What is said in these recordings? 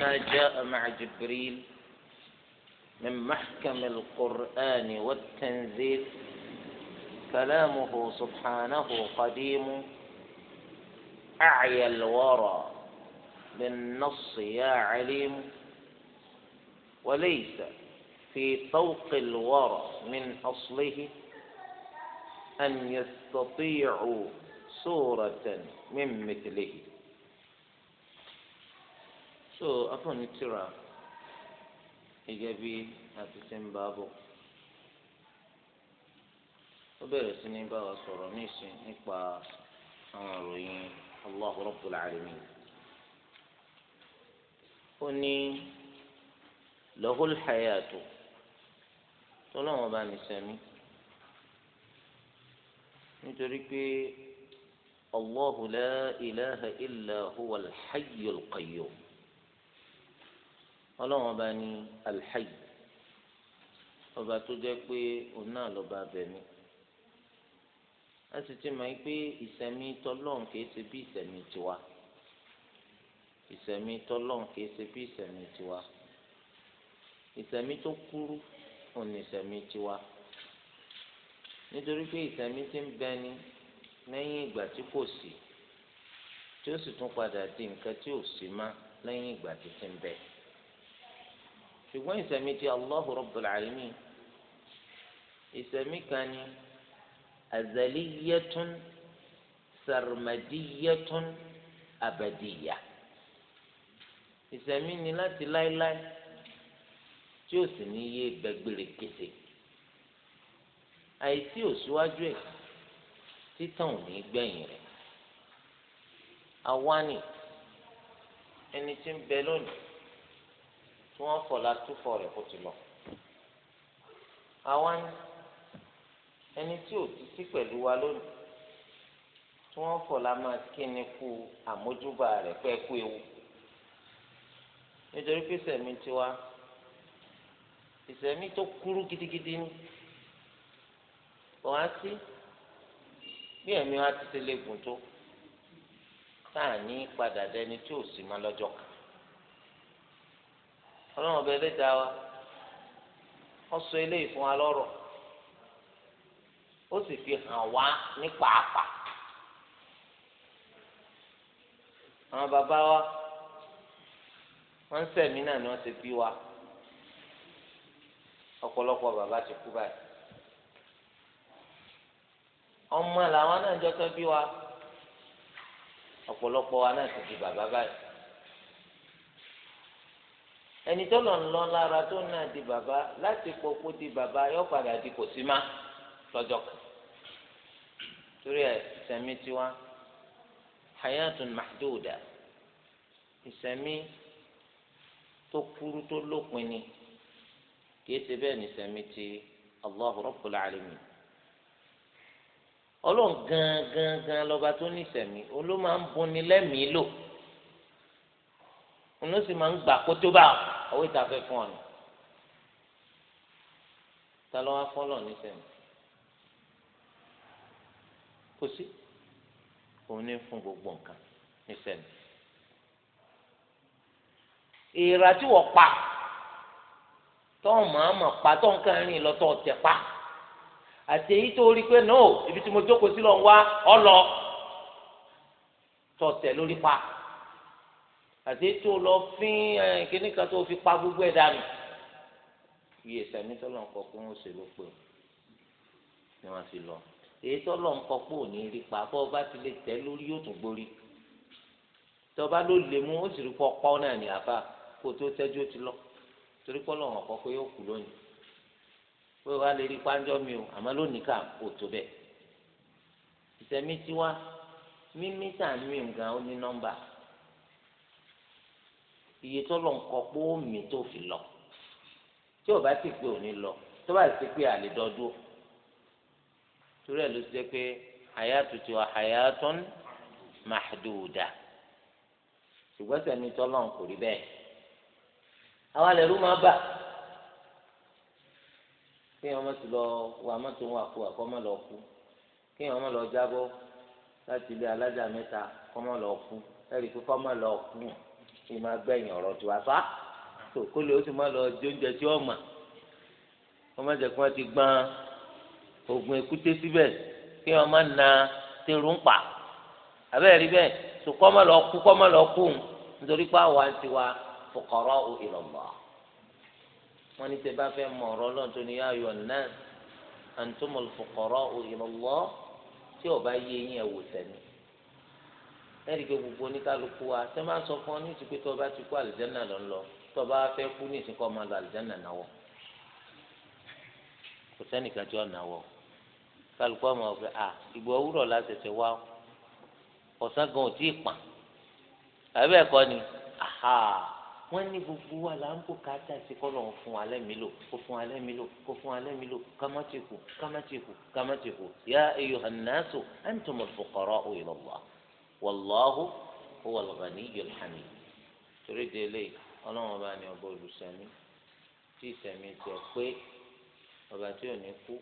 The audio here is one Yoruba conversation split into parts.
ما جاء مع جبريل من محكم القرآن والتنزيل كلامه سبحانه قديم أعيا الورى بالنص يا عليم وليس في طوق الورى من أصله أن يستطيعوا سورة من مثله so afọnitira gẹ́gẹ́ bí àti ti ń bá a bọ̀ ó bẹ̀rẹ̀ sí ní bá wa sọ̀rọ̀ nísìn nípa àwọn ìròyìn Allahu Rabbul Alamin ó ní lahul hayatu tọ́lọ́wọ́n bá ní sẹ́mi nítorí pé Allahu la ilaha illa huwal hayyul qayyum ọlọ́run ọba ní alhayi ọba tó jẹ́ pé òun náà lọ́ba abẹ̀mí a sì ti mọ̀ pé ìsẹ̀mí tọ́lọ́run kìí ṣe bí ìsẹ̀mí tiwa ìsẹ̀mí tọ́lọ́run kìí ṣe bí ìsẹ̀mí tiwa ìsẹ̀mí tó kúrú òun ìsẹ̀mí tiwa nítorí pé ìsẹ̀mí ti ń bẹni lẹ́yìn ìgbà tí kò sí tí ó sì tún padà di nǹkan tí ò sí mọ́ lẹ́yìn ìgbà tí ti ń bẹni ṣùgbọ́n ìsẹ̀mí ti Allahu Rabbul Alamin ìsẹ̀mí kan ni azaliyatun sarmadiyatun abadiya ìsẹ̀mí ni láti láéláé tí ó sì ní yé gbẹgbẹrẹ kése àìsí òṣùwájú ẹ̀ títàn ò ní gbẹ̀yìn rẹ̀ àwa ẹni tí ń bẹ lónìí tí wọ́n fọ̀ la túfọ̀ rẹ̀ kó ti lọ. àwa ni ẹni tí ò ti sí pẹ̀lú wa lónìí tí wọ́n fọ̀ la máa kí ni kú àmójúbà rẹ̀ pẹ́ kú ewu nítorí pé sẹ̀mí tiwa ìsẹ̀mí tó kúrú gidigidi ni wọ́n á sí bí ẹ̀mí wa ti ṣe lè gùn tó táà ní padà dẹni tí ò sí mọ́ lọ́jọ́ kan ọlọ́run ọbẹ̀ ẹlẹ́dàá wa wọ́n sọ eléyìí fún wa lọ́rọ̀ ó sì fi hàn wá ní pàápàá àwọn bàbá wa wọ́n ń sẹ̀mí náà ni wọ́n ti bí wa ọ̀pọ̀lọpọ̀ bàbá ti kú báyìí ọmọ làwọn náà jọ tán bí wa ọ̀pọ̀lọpọ̀ wa náà ti di bàbá báyìí ẹni tó lọ ń lọ lára tó náà di bàbá láti pọpọ di bàbá yóò padà di kò sí má lọ́jọ́ kan torí ẹ ìsẹmí tiwa hayatun mahduda ìsẹmí tó kúrú tó lópin ni kìí ṣe bẹ́ẹ̀ ní ìsẹmí ti Allahu Rabbul Alamin ọlọ́run gangan gan lọ́ba tó ní ìsẹmí olóò máa ń bunni lẹ́mìí lò òun ló sì máa ń gbà kó tó owó ìtafẹ́ fún ọ̀nà ta ló wá fọ́lọ̀ nísẹ̀mí kò sí òun ní fún gbogbo nǹkan nísẹ̀mí ìrà tí wọ́n pa tọ́ màámà pa tọ́ nǹkan rìn lọ tọ́ tẹ̀ pa àti èyí tó rí pé no ibi tí mo jókòó sí lọ ń wá ọ lọ tọ̀ tẹ̀ lórí pa àti tó lọ fín kíní kan tó fi pa gbogbo ẹ̀ dànù iye sẹ̀mí tọ́lọ̀ ń kọ́ pé wọ́n ṣe ló pè ni wọ́n fi lọ èyí tọ́lọ̀ ń kọ́ pé ò ní rí pa bọ́ bá ti lè tẹ́ lórí yóò tún gborí tọ́ba ló lè mú ó sì rí pọ́ pọ́ náà ní àbá kó tó tẹ́jú ó ti lọ torí pọ́ lọ́wọ́n kọ́ pé yóò kú lónìí pé wàá lè rí pánjọ́ mi o àmọ́ lónìí kà kò tó bẹ́ẹ̀ ìsẹ̀mí tiwa mímí tà ń ó ní nọ́mbà iye tó lọ nǹkan pé ó mì tó fi lọ tí ò bá sì pé òní lọ tó bá sì pé àlè dọdún torí ẹ ló ti jẹ pé hayatu ti wà hayatun mahduda ṣùgbọ́n sẹ́mi tó lọ kò rí bẹ́ẹ̀ àwa lè rú máa bà kí ọmọ ti lọ wà mọ́tò ń wà kú àkọ́ mọ́ lọ kú kí ọmọ lọ jábọ́ láti ilé alájà mẹ́ta kọ́ mọ́ lọ kú ẹ̀rí pé kọ́ mọ́ lọ kú kí n máa gbẹ̀yìn ọ̀rọ̀ tiwa sá tó kó lè ó sì máa lọ di oúnjẹ tí ọ̀mà wọ́n má jẹ́ kí wọ́n ti gbọ́n oògùn èkúté síbẹ̀ kí wọ́n má na tẹ̀rù ń pa abẹ́rẹ́ rí bẹ́ẹ̀ tó kọ́ má lọ kú kọ́ má lọ kú nítorí pé àwa ti wa fọkọ̀rọ̀ ìrọ̀lọ́ wọ́n ní tẹ́ bá fẹ́ mọ ọ̀rọ̀ náà tó ní ayọ̀ náà àǹtọ́mọ̀lù fọkọ̀rọ̀ ìrọ̀lọ́ tí ò bá yé yín ẹ̀ wò sẹ́ni ẹ̀rí pé gbogbo oníkálukú wa ṣe máa ń sọ fún ọ ní ìsìnkú tó o bá ti kú àlìjánà lọ ń lọ tó o bá fẹ́ kú ní ìsìnkú ọmọ lọ àlìjánà náwọ kò sẹ́nìkan tí ó náwọ kálukú ọmọ ọ̀fẹ́ à ìgbà òwúrọ̀ la ṣẹ̀ṣẹ̀ wá ọ̀sán gan ò tí ì pàn àbí ẹ̀kọ́ ni aha wọ́n ní gbogbo wa là ń kó káàtà sí kọ́nà fún alẹ́ mi lò kó fún alẹ́ mi lò kó fún alẹ́ mi lò kámátìkù kámátìkù kámátìkù yá ayyuhan nasu antumul fuqara'u ilallah wàlláhu huwa al-ghaniyyul hamid torí délé ọlọ́run ọba ni ọba olùsẹ̀mí tí ìsẹ̀mí tẹ̀ pé ọba tí ò ní kú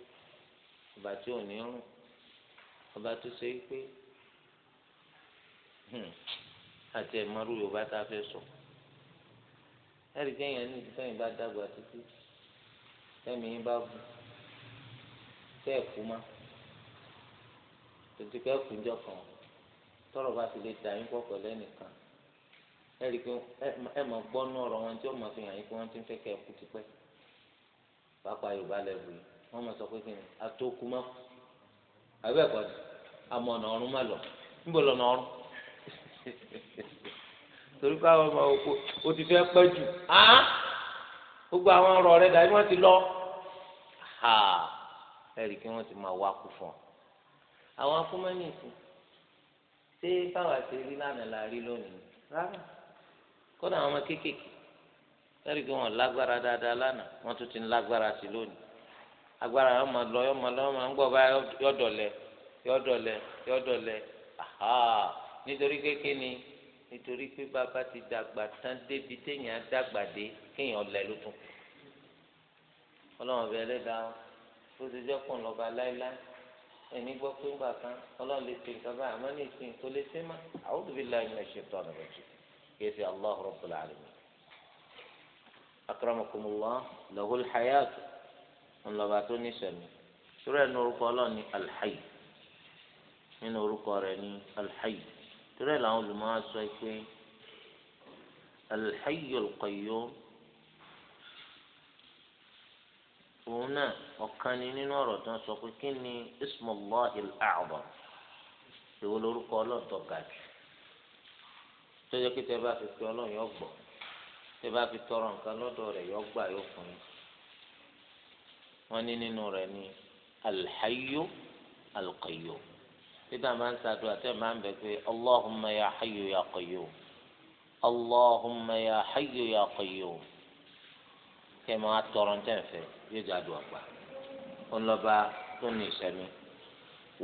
ọba tí ò ní rùn ọba tó ṣe é pé hmm, àti ẹ̀mọ́rú yorùbá tá a fẹ́ sọ ẹ̀rí kẹ́yìn ní ìsẹ́yìn bá dàgbà títí sẹ́mi yín bá bù tẹ́ ẹ̀kú má tètè kẹ́kùn jọ kàn án tọrọ bá ti lè dà yín pọ̀ pẹ̀lú ẹnìkan ẹ rí i pé ẹ mọ̀ gbọ́nú ọ̀rọ̀ wọn tí ó mọ̀ fi hàn yín pé wọ́n ti ń fẹ́ kẹ́ ẹ kú tipẹ́ pápá yorùbá lẹ́bù yìí wọ́n mọ̀ sọ pé kí ni atóku má kú àbẹ́ ẹ̀kọ́ ni àmọ́ ọ̀nà ọ̀run má lọ níbo lọ́nà ọ̀run torí pé àwọn ọmọ òkú o ti fẹ́ pẹ́ jù á gbogbo àwọn ọ̀rọ̀ rẹ dàbí wọ́n ti lọ ẹ rí i pé wọ́n ti máa wá kú fún ọ àwọn akúmọ́nì ìsìn ṣé báwa ṣe rí lánàá la rí lónìí rárá kódà àwọn ọmọ kéékèèké lórí pé wọn lágbára dáadáa lánàá wọn tún ti ń lágbára sí lónìí agbára yọ ma lọ yọ ma lọ máa ń gbọ́ bá aha nítorí ni nítorí pé bàbá ti dàgbà tán débi téèyàn dàgbà dé kéèyàn lẹ èmi gbọ́ pé ńgbà kan ọlọ́run lè ṣe nǹkan báyìí àmọ́ ní ìsìn kò lè ṣe má a'udhu billahi minash shaitani rajim kìí ṣe allah rabbul alamin. akramakumullah lahul hayat ńlọba tó ní sẹmi sórí ẹnu orúkọ ọlọ́run ní alḥayy nínú orúkọ rẹ ní alḥayy torí ẹ làwọn olùmọ̀ á sọ pé alḥayyul qayyum. òun náà ọ̀kan ni nínú ọ̀rọ̀ tó ń sọ pé kí ni ismullahi al-a'zam ìwọ lórúkọ ọlọ́ọ̀tọ̀ ga jù tọ́jọ́ pé tẹ́ bá fi pe ọlọ́run yọ gbọ́ tẹ́ bá fi tọrọ nǹkan lọ́dọ̀ rẹ̀ yọ gbà yóò fún yín wọ́n ní nínú rẹ̀ ni al-hayyu títà máa ń sàdúrà tẹ́ máa ń bẹ̀ pé allahumma ya hayyu ya qayyum allahumma ya hayyu kí ẹ máa tọrọ ní tẹ̀fẹ̀ yóò jẹ́ àdùn ọ̀gbà ó ń lọ́ba tó ní ìṣẹ́mi.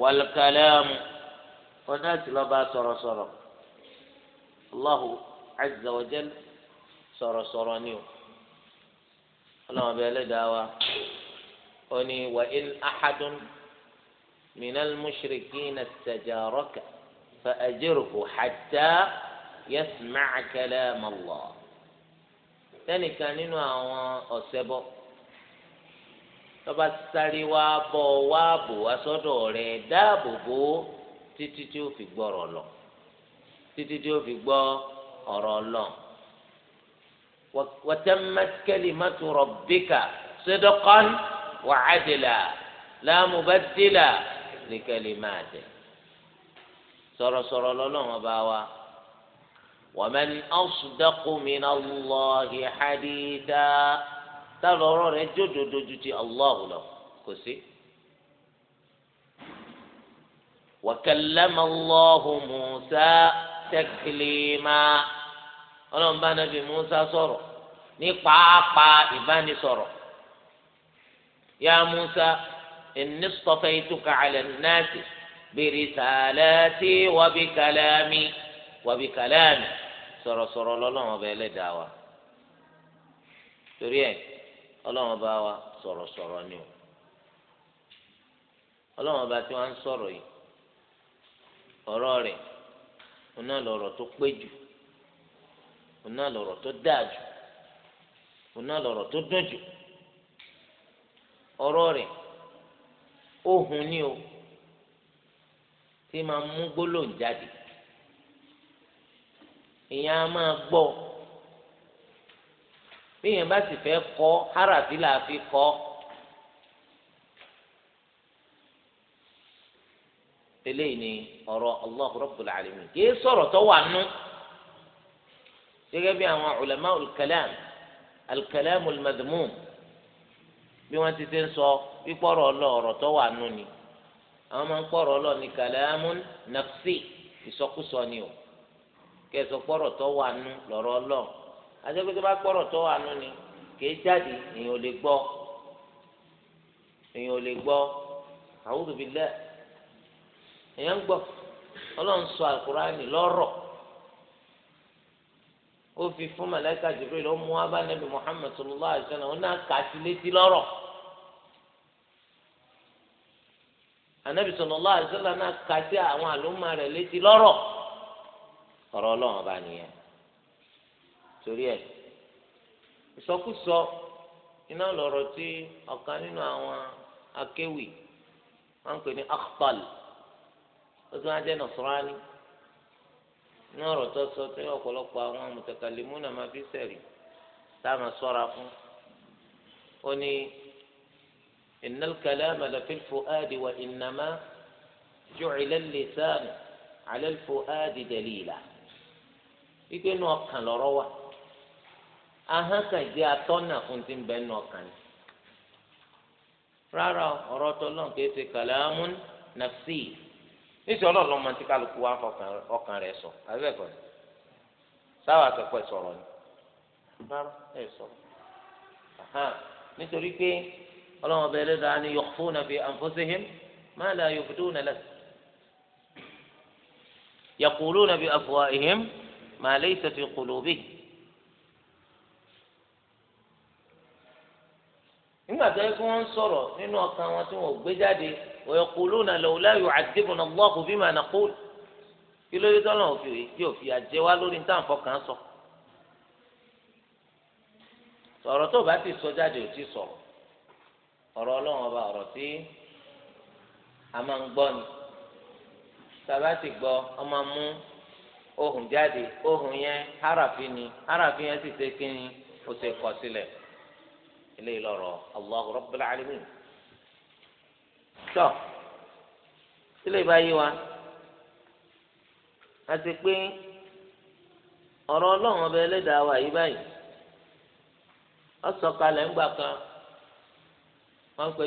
wàlùkàlẹ́mù kọjá sí lọ́ba sọ̀rọ̀sọ̀rọ̀ Allahu azza wa jal sọ̀rọ̀sọ̀rọ̀ ni o ọlọ́run bẹ ẹlẹ́dàá wa ó ní wa in ahadun minal mushrikina istajaraka fa ajirhu hatta yasma' kalam Allah tẹnìkan nínú àwọn ọ̀sẹ̀bọ tọ́ba sáré wá bọ́ wá bò wá sọ́dọ̀ rẹ̀ dáàbò bò títí tí ó fi gbọ́ ọ̀rọ̀ lọ títí tí ó fi gbọ́ ọ̀rọ̀ lọ. watammat kalimatu rabbika sidqan wa adla la mubaddila li kalimatihi sọ̀rọ̀sọ̀rọ̀ lọ́lọ́run ọba wa. ومن أصدق من الله حديثا تلورو رجو دوجي الله له كسي وكلم الله موسى تكليما ọlọ́run bá nàbì musa sọ̀rọ̀ ní pàápàá ìbánisọ̀rọ̀ ya musa inni istafaytuka ala nnasi bi risalati wa bi kalami wa bi kalami. sọ̀rọ̀sọ̀rọ̀ lọ́lọ́run ọba ẹlẹ́dàá wa torí ẹ ọlọ́run ọba wa sọ̀rọ̀sọ̀rọ̀ ni o ọlọ́run ọba tí wọ́n ń sọ̀rọ̀ yìí ọ̀rọ̀ rẹ̀ òun náà lọ̀rọ̀ tó pé jù òun náà lọ̀rọ̀ tó dáa jù òun náà lọ̀rọ̀ tó dùn jù ọ̀rọ̀ rẹ̀ ohun ni o tí máa mú gbólóhùn jáde. èèyàn á máa gbọ́ bí èèyàn bá sì fẹ́ kọ́ háràfí là á fi kọ́ eléyìí ni ọ̀rọ̀ Allahu Rabbul Alamin kì í sọ̀rọ̀ tó wà nù gẹ́gẹ́ bí àwọn ulama al-kalam al bí wọ́n ti ti ń sọ pípọ̀rọ̀ ọlọ́ọ̀rọ̀ tó wà nù ni àwọn máa ń pọ̀rọ̀ ọlọ́ọ̀ ní kalamun nafsi ìsọkúsọ ni o. kẹsọ kpọrọ tọ wà nù lọ́rọ̀ lọ adékòtò bá kpọrọ tọ wà nù ni kèé èèyàn ò lè gbọ́ èèyàn ò lè gbọ́ àwùjọ bíi lẹ èèyàn gbọ́ Ọlọ́run sọ àkùránì lọ́rọ̀ ó fi fún màláíkà Jibril ó mú abánabi Muhammad sallallahu alaihi náà kà létí anabi ọ̀rọ̀ ọlọ́run ọba nìyẹn torí ẹ̀ ìsọkúsọ iná lọ̀rọ̀ tí ọ̀kan nínú àwọn akéwì wọn ń pè ní akhtal ó tún á jẹ́ nọ̀sọ́rání ní ọ̀rọ̀ tó sọ tí ọ̀pọ̀lọpọ̀ àwọn mùtàkàlímúnà máa fi sẹ̀rí tá a máa sọ́ra fún ó ní innal kalama la fil fuadi wa innama ju'ila al lisanu ala wípé inú ọkàn kan jẹ́ atọ́nà fún ti ń bẹ inú ọkàn ni rárá ọ̀rọ̀ tọ́lọ́ kìí ṣe kàlámù nàfsì níṣẹ́ ọlọ́ọ̀lọ́ máa ti kálukú wá ọkàn rẹ̀ sọ àbẹ́ẹ̀kọ́ ni sáwà àtẹ̀kọ́ ẹ̀ sọ̀rọ̀ ni rárá ẹ̀ sọ̀rọ̀ nítorí pé ọlọ́wọ́n bẹ ما ليس في قلوبهم nígbà tó yẹ kí wọ́n ń sọ̀rọ̀ nínú ọkàn wọn tí wọ́n ò gbé jáde wa yaquluna lawla yu'adhibuna Allahu bima naqul kí ló dé tọ́lọ̀ òfin yìí tí òfin àjẹ wá lórí ní táǹfọ̀ kan sọ. sọ̀rọ̀ tó bá ti sọ jáde ò ti sọ̀rọ̀ ọ̀rọ̀ ọlọ́run ọba ọ̀rọ̀ tí a máa ń gbọ́ ni tàbá ti gbọ́ ọmọ mú ohun jáde ohun yẹn harafi ni harafi yẹn ti ṣe kíni ó ṣe kọ sílẹ̀ eléyìí lọ́rọ̀ Allahu Rabbil Alamin tọ sílẹ̀ báyìí wa àti pé ọ̀rọ̀ Ọlọ́run ọbẹ Ẹlẹ́dàá wa yìí báyìí ó sọ̀kalẹ̀ ńgbà kan wọ́n ń pè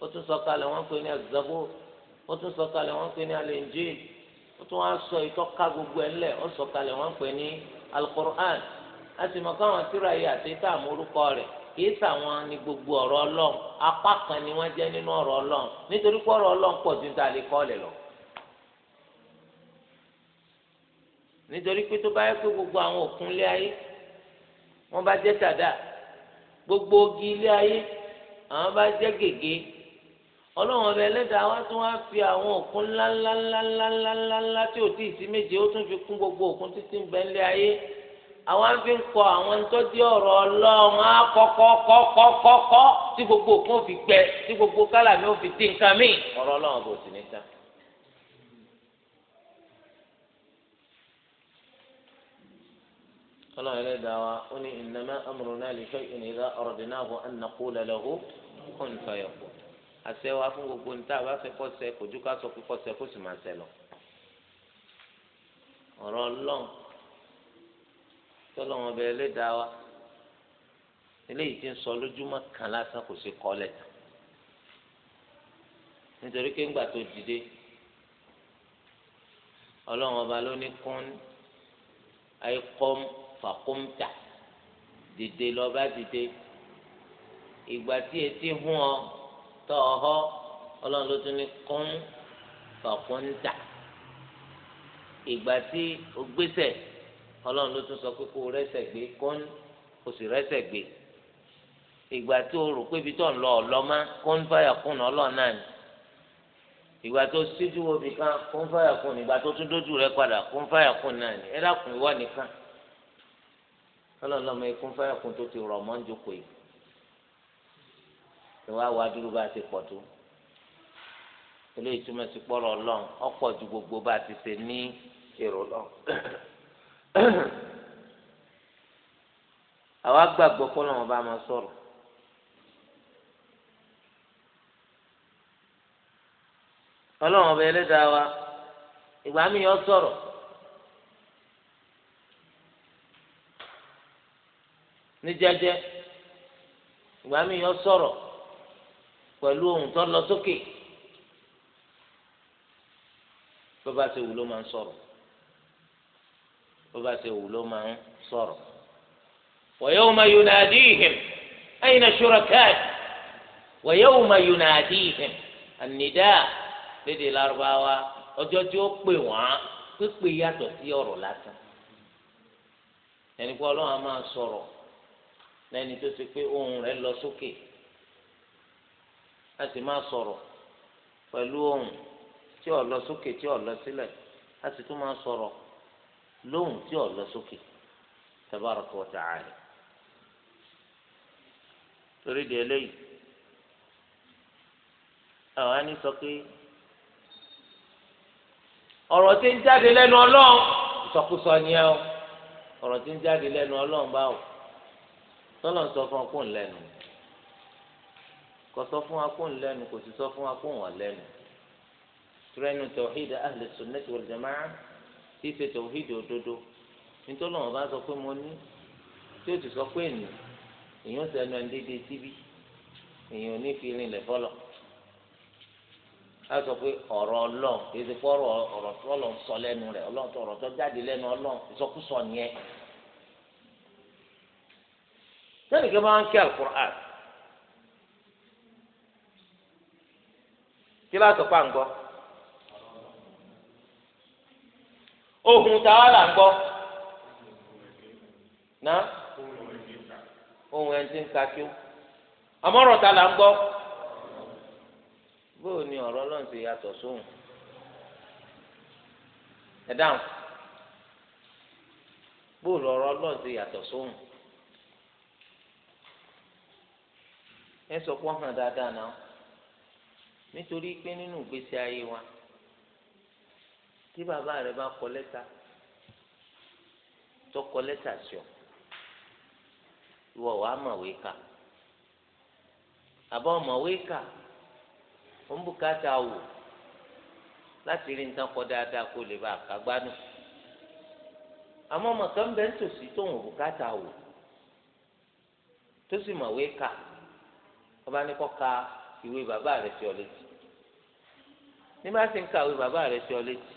ó tún sọ̀kalẹ̀ wọ́n ní ó tún ní ó tún wá sọ ìtọ́ka gbogbo ẹ̀ ńlẹ̀ ó sọ kalẹ̀ wọ́n ń pè ní alukur'an a sì mọ̀ káwọn tíra yìí àti tá àmúrúkọ rẹ̀ kìí sàwọn ni gbogbo ọ̀rọ̀ ọlọ́run apá kan ni wọ́n jẹ́ nínú ọ̀rọ̀ ọlọ́run nítorí pé ọ̀rọ̀ ọlọ́run pọ̀ ju ta lè kọ́lẹ̀ lọ. nítorí pé tó bá yẹ pé gbogbo àwọn òkun ilé ayé wọ́n bá jẹ́ tàdá gbogbo ogi ilé ayé àwọn bá jẹ́ gègé ọlọ́run ọbẹ̀ ẹlẹ́dàá wá tún wá fi àwọn òkun ńláńláńláńláńlá tí ò tí ì sí méje ó tún fi kún gbogbo òkun títí ń bẹ ńlẹ̀ ayé àwọn fi ń kọ àwọn ntọ́jú ọ̀rọ̀ ọlọ́run á kọ́kọ́kọ́kọ́kọ́ tí gbogbo òkun fi gbẹ tí gbogbo kálàmì ò fi dín nǹkan míì ọ̀rọ̀ ọlọ́run kò sì ní tán. ọlọ́run ẹlẹ́dàá wa ó ní innama amruna li shay'in idha aradnahu an àṣẹ wa fún gbogbo níta àbá fẹ́ kọ́ sẹ kò ju ká sọ pé kọ́ sẹ kó sì máa sẹ lọ. ọ̀rọ̀ ọlọ́run tọ́lọ́wọ́n bẹ ẹlẹ́dàá wa eléyìí ti ń sọ lójúmọ́ kan lásán kò sí kọ́ lẹ́tà nítorí pé ńgbà tó dìde ọlọ́run ọba ló ní kún ayikọ́m fàkóńtà dìde lọ́ba dìde ìgbà tí etí hún ọ tọ́ ọ họ ọlọ́run ló tún ní kún fàkúńtà ìgbà tí o gbésẹ̀ ọlọ́run ló tún sọ pé kó o rẹ́sẹ̀ gbé kún o sì rẹ́sẹ̀ gbé ìgbà tí o rò pé ibi tó ń lọ ọ̀lọ́mọ kún fàyà kún ọlọ́run náà ni ìgbà tó síjú wo nìkan kún fàyà kún ìgbà tó tún dójú rẹ padà kún fàyà kún náà ni ẹ dákun ìwọ nìkan ọlọ́run lọ́mọ ikún fàyà kún tó ti rọ̀ mọ́ ń jókòó yìí ẹ wá wá dúró bá a ti pọ̀ tó eléyìí túmọ̀ sí pọ́rọ̀ ọlọ́run ọ̀pọ̀ ju gbogbo bá a ti ṣe ní èrò lọ. àwa gbàgbọ́ kọ́nà wọn bá máa sọ̀rọ̀ ọlọ́run ọba ẹlẹ́dàá wa ìgbà mi yọ sọ̀rọ̀ ní jẹ́jẹ́ ìgbà mi yọ sọ̀rọ̀ pẹ̀lú ohun tó lọ sókè bó bá ṣe wù ló máa ń sọ̀rọ̀ bó bá ṣe wù ló máa ń sọ̀rọ̀ wa yawma yunadihim ayna shurakai wa yawma yunadihim an-nida lédè lárúbáwá ọjọ́ tí ó pè wọ́n pípé yàtọ̀ sí ọ̀rọ̀ lásán ẹnì ọlọ́run á máa sọ̀rọ̀ lẹ́ni tó ṣe pé ohùn rẹ̀ lọ sókè. So a sì máa sọ̀rọ̀ pẹ̀lú ohùn tí ò lọ sókè tí ò lọ sílẹ̀ a sì tún máa sọ̀rọ̀ lóhùn tí ò lọ sókè tabaraka wa ta'ala torí di eléyìí àwọn á ní sọ pé ọ̀rọ̀ tí ń jáde lẹ́nu ọlọ́run ìsọkúsọ ni ẹ ọ̀rọ̀ tí ń jáde lẹ́nu ọlọ́run báwo tọ́lọ̀ ń sọ fún ọkùnrin lẹ́nu kò sọ fún wa kó ń lẹ́nu kò sì sọ fún wa kó wọ́n lẹ́nu tìrẹ́nu tawhid ahli sunnati wal jamaa tí ṣe tawhid òdodo nítorí wọn bá sọ pé mo ní tí o ti sọ pé ènìyàn èèyàn sẹnu ẹni dédé síbí èèyàn ní fi rinlẹ̀ fọlọ̀ a sọ pé ọ̀rọ̀ ọlọ́ọ̀ kìí ṣe fọ́rọ̀ ọ̀rọ̀ tó lọ sọ lẹ́nu rẹ̀ ọ̀rọ̀ tó jáde lẹ́nu ọlọ́ọ̀ ìsọkúsọ nìyẹn. sẹ́nìkẹ́ máa ń kí alukur'an. kí láti pa ńgbọ́ ohun táwa là ń gbọ́ ná ohun ẹni ka kí ta la ń bóò ni ti yàtọ̀ sóhun ẹ dáhùn bóò ti yàtọ̀ sóhun nítorí pé nínú ìgbésí ayé wa tí bàbá rẹ bá kọ lẹ́tà tó kọ lẹ́tà sí ọ ìwọ wàá mọ̀wé kà àbọ̀ mọ̀wé kà ó ń bùkátà wò láti rí nǹkan kọ dáadáa kó lè bá àkágbánú àmọ́ ọmọ kan bẹ́ẹ̀ ń tòsí tóun ò bùkátà wò tó sì mọ̀wé kà ọba ní kọ́ ka ìwé bàbá rẹ̀ sí ọ létí ní bá ti ń kàwé bàbá rẹ̀ sí ọ létí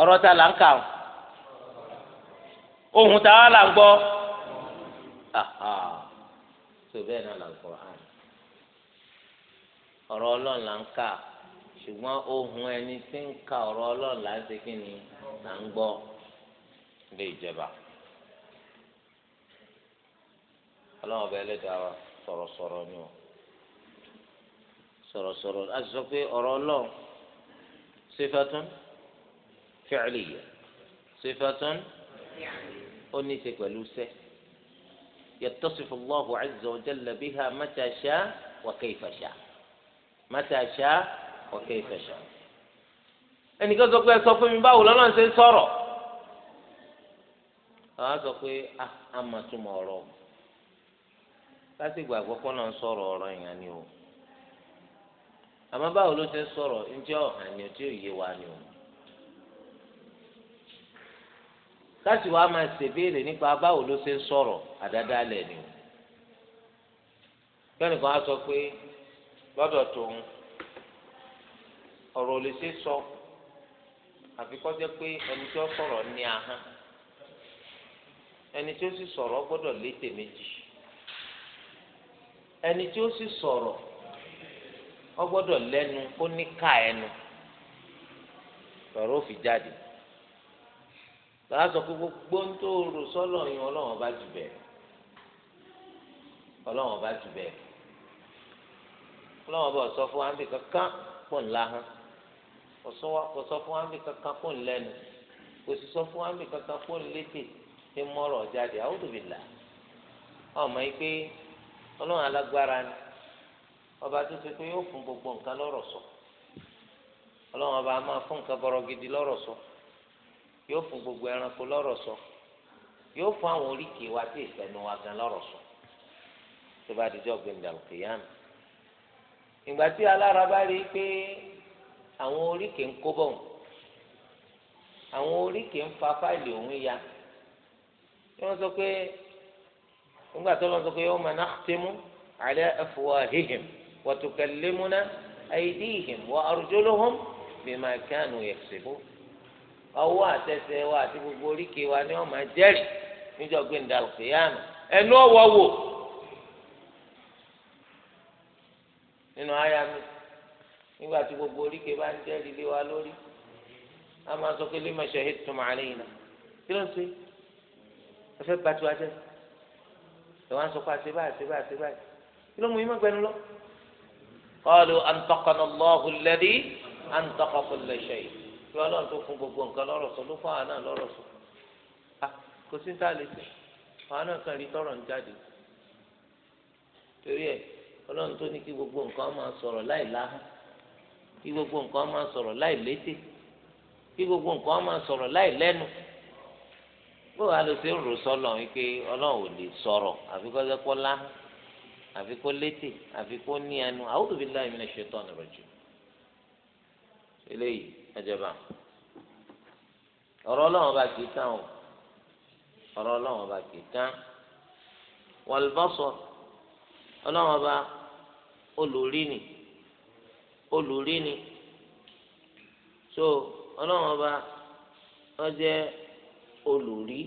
ọ̀rọ̀ ta là ń kà ó ohun ta wà là ń gbọ́ tó bẹ́ẹ̀ náà là ń hàn ọlọ́run là ń kà ṣùgbọ́n ohun ẹni tí ń ka ọrọ ọlọ́run là ń ṣe kí ni là ń sọ̀rọ̀sọ̀rọ̀ a sọ pé ọ̀rọ̀ ọlọ́run sífàtún fi'liyya sífàtún ó ní í ṣe pẹ̀lú sẹ́ wa jalla ha mata wa kayfa sha'a wa ẹnìkan sọ pé ẹ sọ fún mi báwo lọ́nà ṣe ń sọ̀rọ̀ àwọn sọ pé ah, a máa túmọ̀ ọ̀rọ̀ o lásìgbà ń sọ̀rọ̀ ọ̀rọ̀ o. àmọ́ báwo ló ṣe ń sọ̀rọ̀ ǹjẹ́ ọ̀hàn ni wa ni o káṣí wa máa ṣèbéèrè nípa báwo ló ṣe ń sọ̀rọ̀ àdádálẹ̀ ni o kẹ́nìkan á sọ pé lọ́dọ̀ tòun ọ̀rọ̀ lè ṣe sọ àfi kọ́ jẹ́ pé ẹni tí ó sọ̀rọ̀ ní ahọ́n ẹni tí ó sì sọ̀rọ̀ gbọ́dọ̀ ẹni ọgbọ́dọ̀ lẹ́nu kó níkà ẹnu lọ́rọ̀ òfin jáde lọ́la sọ pé gbogbo ń tó rò sọ́lọ̀ yín ọlọ́run ọba jù bẹ́ẹ̀ ọlọ́run ọba jù bẹ́ẹ̀ ọlọ́run ọba ọ̀sọ́ fún wa ń bì kankan pọ̀ ńlá hàn ọ̀sọ́ fún wa ń kankan pọ̀ ńlẹ́nu kò sì sọ fún wa ń kankan pọ̀ ńlétè ṣé mọ́rọ̀ jáde àwùjọ bìlà ọmọ yìí pé ọlọ́run alágbára ni ọba tó ṣe pé yóò fún gbogbo nǹkan lọ́rọ̀ sọ ọlọ́run ọba máa fún nǹkan bọ̀rọ̀ gidi lọ́rọ̀ sọ yóò fún gbogbo ẹranko lọ́rọ̀ sọ yóò fún àwọn oríkèé wa tí ìfẹ́nu wa gan lọ́rọ̀ sọ tó bá dijọ́ gbẹ̀ndà òkè yá mi. ìgbà tí alára bá rí i pé àwọn oríkèé ń kó bọ̀ wọn àwọn oríkèé ń fa fáìlì òun ya yóò sọ pé nígbà tó lọ sọ pé yóò máa náà tẹ́mú ala afwahihim. وتكلمنا أيديهم وأرجلهم بما كانوا يكسبون ọwọ́ àtẹsẹ̀ wa àti gbogbo oríkè wa ni wọ́n máa jẹ́rìí níjọ́ gbẹ̀ndà òkèèyàmù ẹnu ọ̀wọ́ wò nínú àyà mi nígbà tí gbogbo oríkè bá ń jẹ́rìí lé wa lórí a máa sọ pé lima shahidtum alayna kí ló ń ṣe ẹ fẹ́ bá tiwa jẹ́ ẹ wá ń sọ pé àṣebáyé àṣebáyé àṣebáyé kí ló mú yín má gbẹnu lọ. قالوا أنطقنا الله الذي أنطق كل شيء فلا نتوقف بقون قال رسول فأنا لا gbogbo nǹkan máa sọ̀rọ̀ láì láhùn kí gbogbo kí gbogbo nǹkan láì bó wàá lọ sí rò àfi kó létè àfi kó ní ẹnu a'udhu billahi minash shaitani rajim eléyìí ẹjọba ọ̀rọ̀ Ọlọ́run bá kì í tán o ọ̀rọ̀ Ọlọ́run bá kì í tán wal Ọlọ́run bá olùrí ni olùrí ni so Ọlọ́run ọba wọ́n jẹ́ olùrí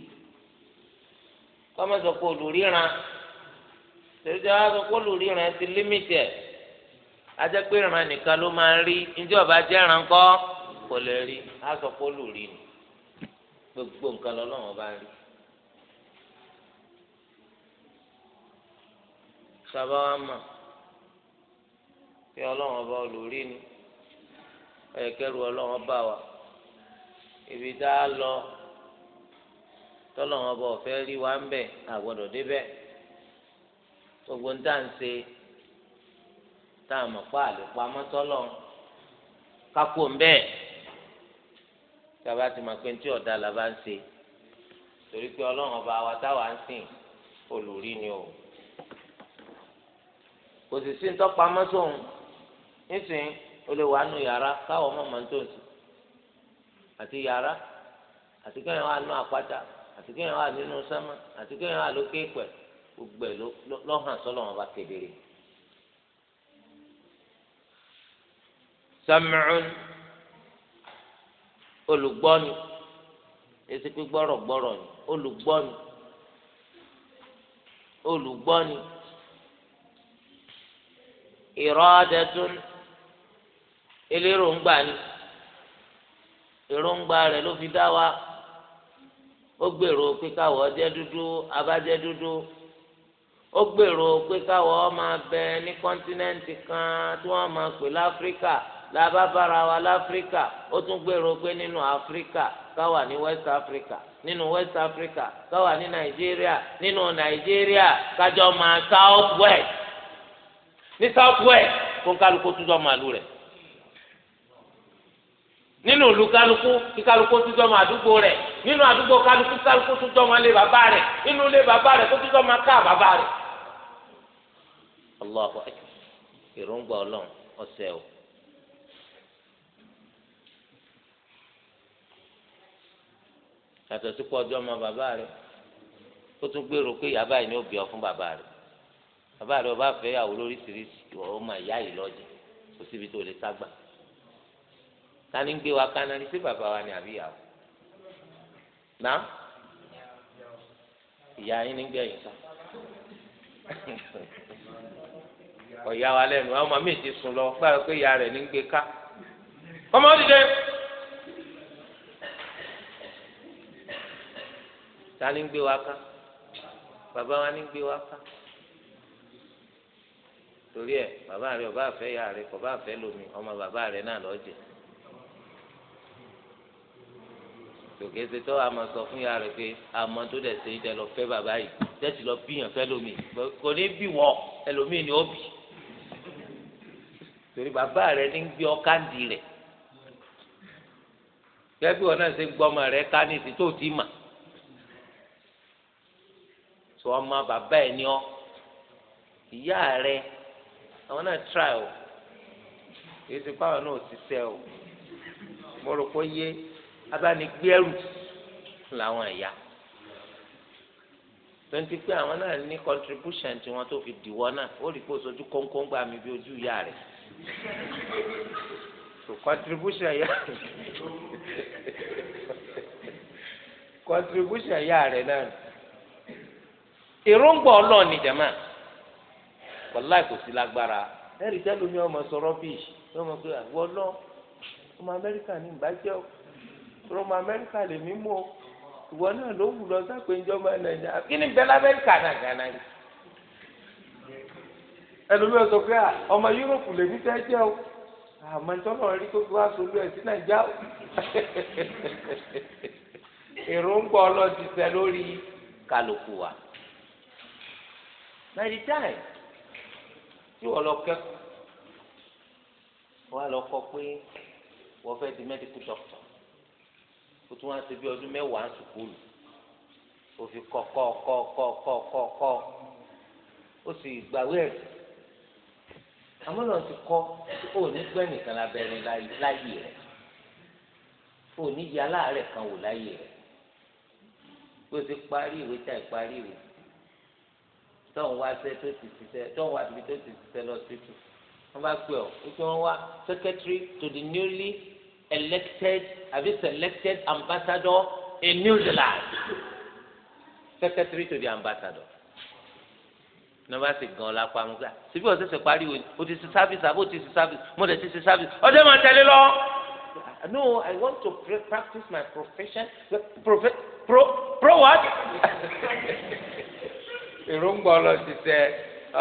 kọ́mọ́sọ̀kọ́ olùríran tẹ̀síọ́ wa sọ pọ́lù ríran ti límìtì ẹ̀ ajẹ́ pé nìkan ló máa ń rí njẹ́ ọba jẹ́ ìran kò lè rí a sọ pọ́lù rí ni gbogbo nǹkan bá rí. sábà wa mọ̀ pé ọlọ́run olùrí ni bá wa ibi tá a lọ ọba ọ̀fẹ́ rí wa ń bẹ̀ gbogbo ń tà ń tá a mọ̀ pa àlè pamọ́ sọ́lọ̀ kákó ń bẹ́ẹ̀ tí a bá ti mọ̀ pé tí ọ̀dà la bá ń torí pé wa táwa ń sìn olùrí ni o kò sì sí ntọ́pamọ́ sóhun nísìnyí o lè wà nù yàrá káwọn ọmọ màá tó ń àti yàrá àti kéèyàn wà nù àpáta àti kéèyàn wà nínú gbogbo ẹ̀ lọ́hàn sọ́lọ́ wọn bá kedere. sam'un olùgbọ́ni èsì pé gbọ́rọ̀gbọ́rọ̀ ni olùgbọ́ni olùgbọ́ni iradatun eléròǹgbà ni èròǹgbà rẹ̀ ló fi dá wa ó gbèrò pé káwọ́ jẹ́ dúdú abájẹ́ dúdú. ó gbèrò pé káwọn máa bẹ ní kọ́ńtínẹ́ǹtì kan tí wọ́n máa pè láfíríkà lábábára wa láfíríkà ó tún gbèrò pé nínú áfíríkà ní west africa nínú west africa káwa ní nàìjíríà nínú nàìjíríà kájọ máa south west ní south west kó kálukú tún jọ màlú rẹ̀ nínú ìlú kálukú kí kálukú máa nínú àdúgbò kálukú kálukú máa lé bàbá Allahu akbar èròǹgbà Ọlọ́run ọ̀sẹ̀ o. yàtọ̀ sí pọ́jọ́ ọmọ bàbá rẹ̀ ó tún gbèrò pé ìyá báyìí ni ọ fún bàbá rẹ̀ bàbá ọba fẹ́ yàwó lóríṣiríṣi ọmọ ìyá yìí kò síbi tó lè gbé wa kaná ní sí bàbá wa ọ̀yá wa lẹ́nu àwọn màmí ti sùn lọ gbàgbé pé ìyá rẹ̀ ní gbé ká ọmọ dìde ta ni gbé wa ká bàbá wa ni gbé wa ká torí ẹ bàbá rẹ ọba àfẹ ya rẹ kọba àfẹ lomi ọmọ bàbá rẹ náà lọ jẹ tòkè ṣe tọ́ àmọ̀ sọ fún ya rẹ pé àmọ̀ tó dẹ̀ ṣe ìdẹ lọ fẹ́ bàbá yìí dẹ́tì lọ bíyàn fẹ́ lomi kò ní bí wọ́ ẹlòmíì ni ó bì í torí bàbá rẹ ní gbé ọ káńdì rẹ gẹ́gẹ́ wọn náà ṣe gbọ́ ọmọ rẹ ká ní ìsìn tó ti mà sọ ọmọ bàbá ẹ ní ọ ìyá rẹ àwọn náà try o èyí ti pàwọn náà ti sẹ o mo rò pé yé abánigbẹ́rù làwọn ẹ̀yà tonti pé àwọn náà ní contribution tiwọn tó fi dìwọ́ náà ó rí i pé oṣooju kónkón gbà mí bí ojú ìyá rẹ̀ So contribution ya contribution ya rẹ náà èròǹgbà ọlọ́ọ̀ni jẹ̀mọ́ wàláì kò sí lágbára ẹ̀rí tẹ́lu mi ọmọ sọ rọ́bìṣ ọmọ pé àwọn ọlọ́ ọmọ amẹ́ríkà ní ìbàjẹ́ ọmọ náà lọ nàìjíríà kí ni bẹ́lá amẹ́ríkà náà gánà yìí. ẹlòmíràn sọ pé ọmọ yúròpù lèmi fẹ́ jẹ́ o àmọ́ ìtọ́nà rí tó fi wá ẹ̀ sí nàìjíríà o èròǹgbà ọlọ́ọ̀dì sẹ lórí kálukú wa náírà táì tí wọ́n lọ kẹ́kọ̀ọ́ wọ́n lọ kọ́ pé wọ́n fẹ́ di medical doctor kó tún wá sí bí ọdún mẹ́wàá ń sùkúlù ó kọ́ kọ́ kọ́ kọ́ kọ́ kọ́ ó sì gbàwé ẹ̀sìn àmọ́ náà ti kọ́ ó ní gbẹ́ nìkan lábẹ́rin láyé rẹ̀ ó ní yẹ aláàárẹ̀ kan wò láyé rẹ̀ bí o ti parí ìwé tá ì parí ìwé tọ́hún wá sẹ́ tó ti ṣiṣẹ́ tọ́hún wá síbi tó ti ṣiṣẹ́ lọ sí tù wọ́n bá pè ọ́ wípé wọ́n wá secretary to the newly elected àbí selected ambassador in New Zealand secretary to the ambassador ní wọn gan lápá mu gbà síbí ọ̀sẹ̀ ṣe parí o o ti ṣe sáfìsì àbò ti ṣe sáfìsì mo dẹ̀ ti ṣe sáfìsì ọdẹ máa tẹ̀lé lọ. no i want to practice my profession profe pro pro what. èròǹgbà ọlọ́sísẹ́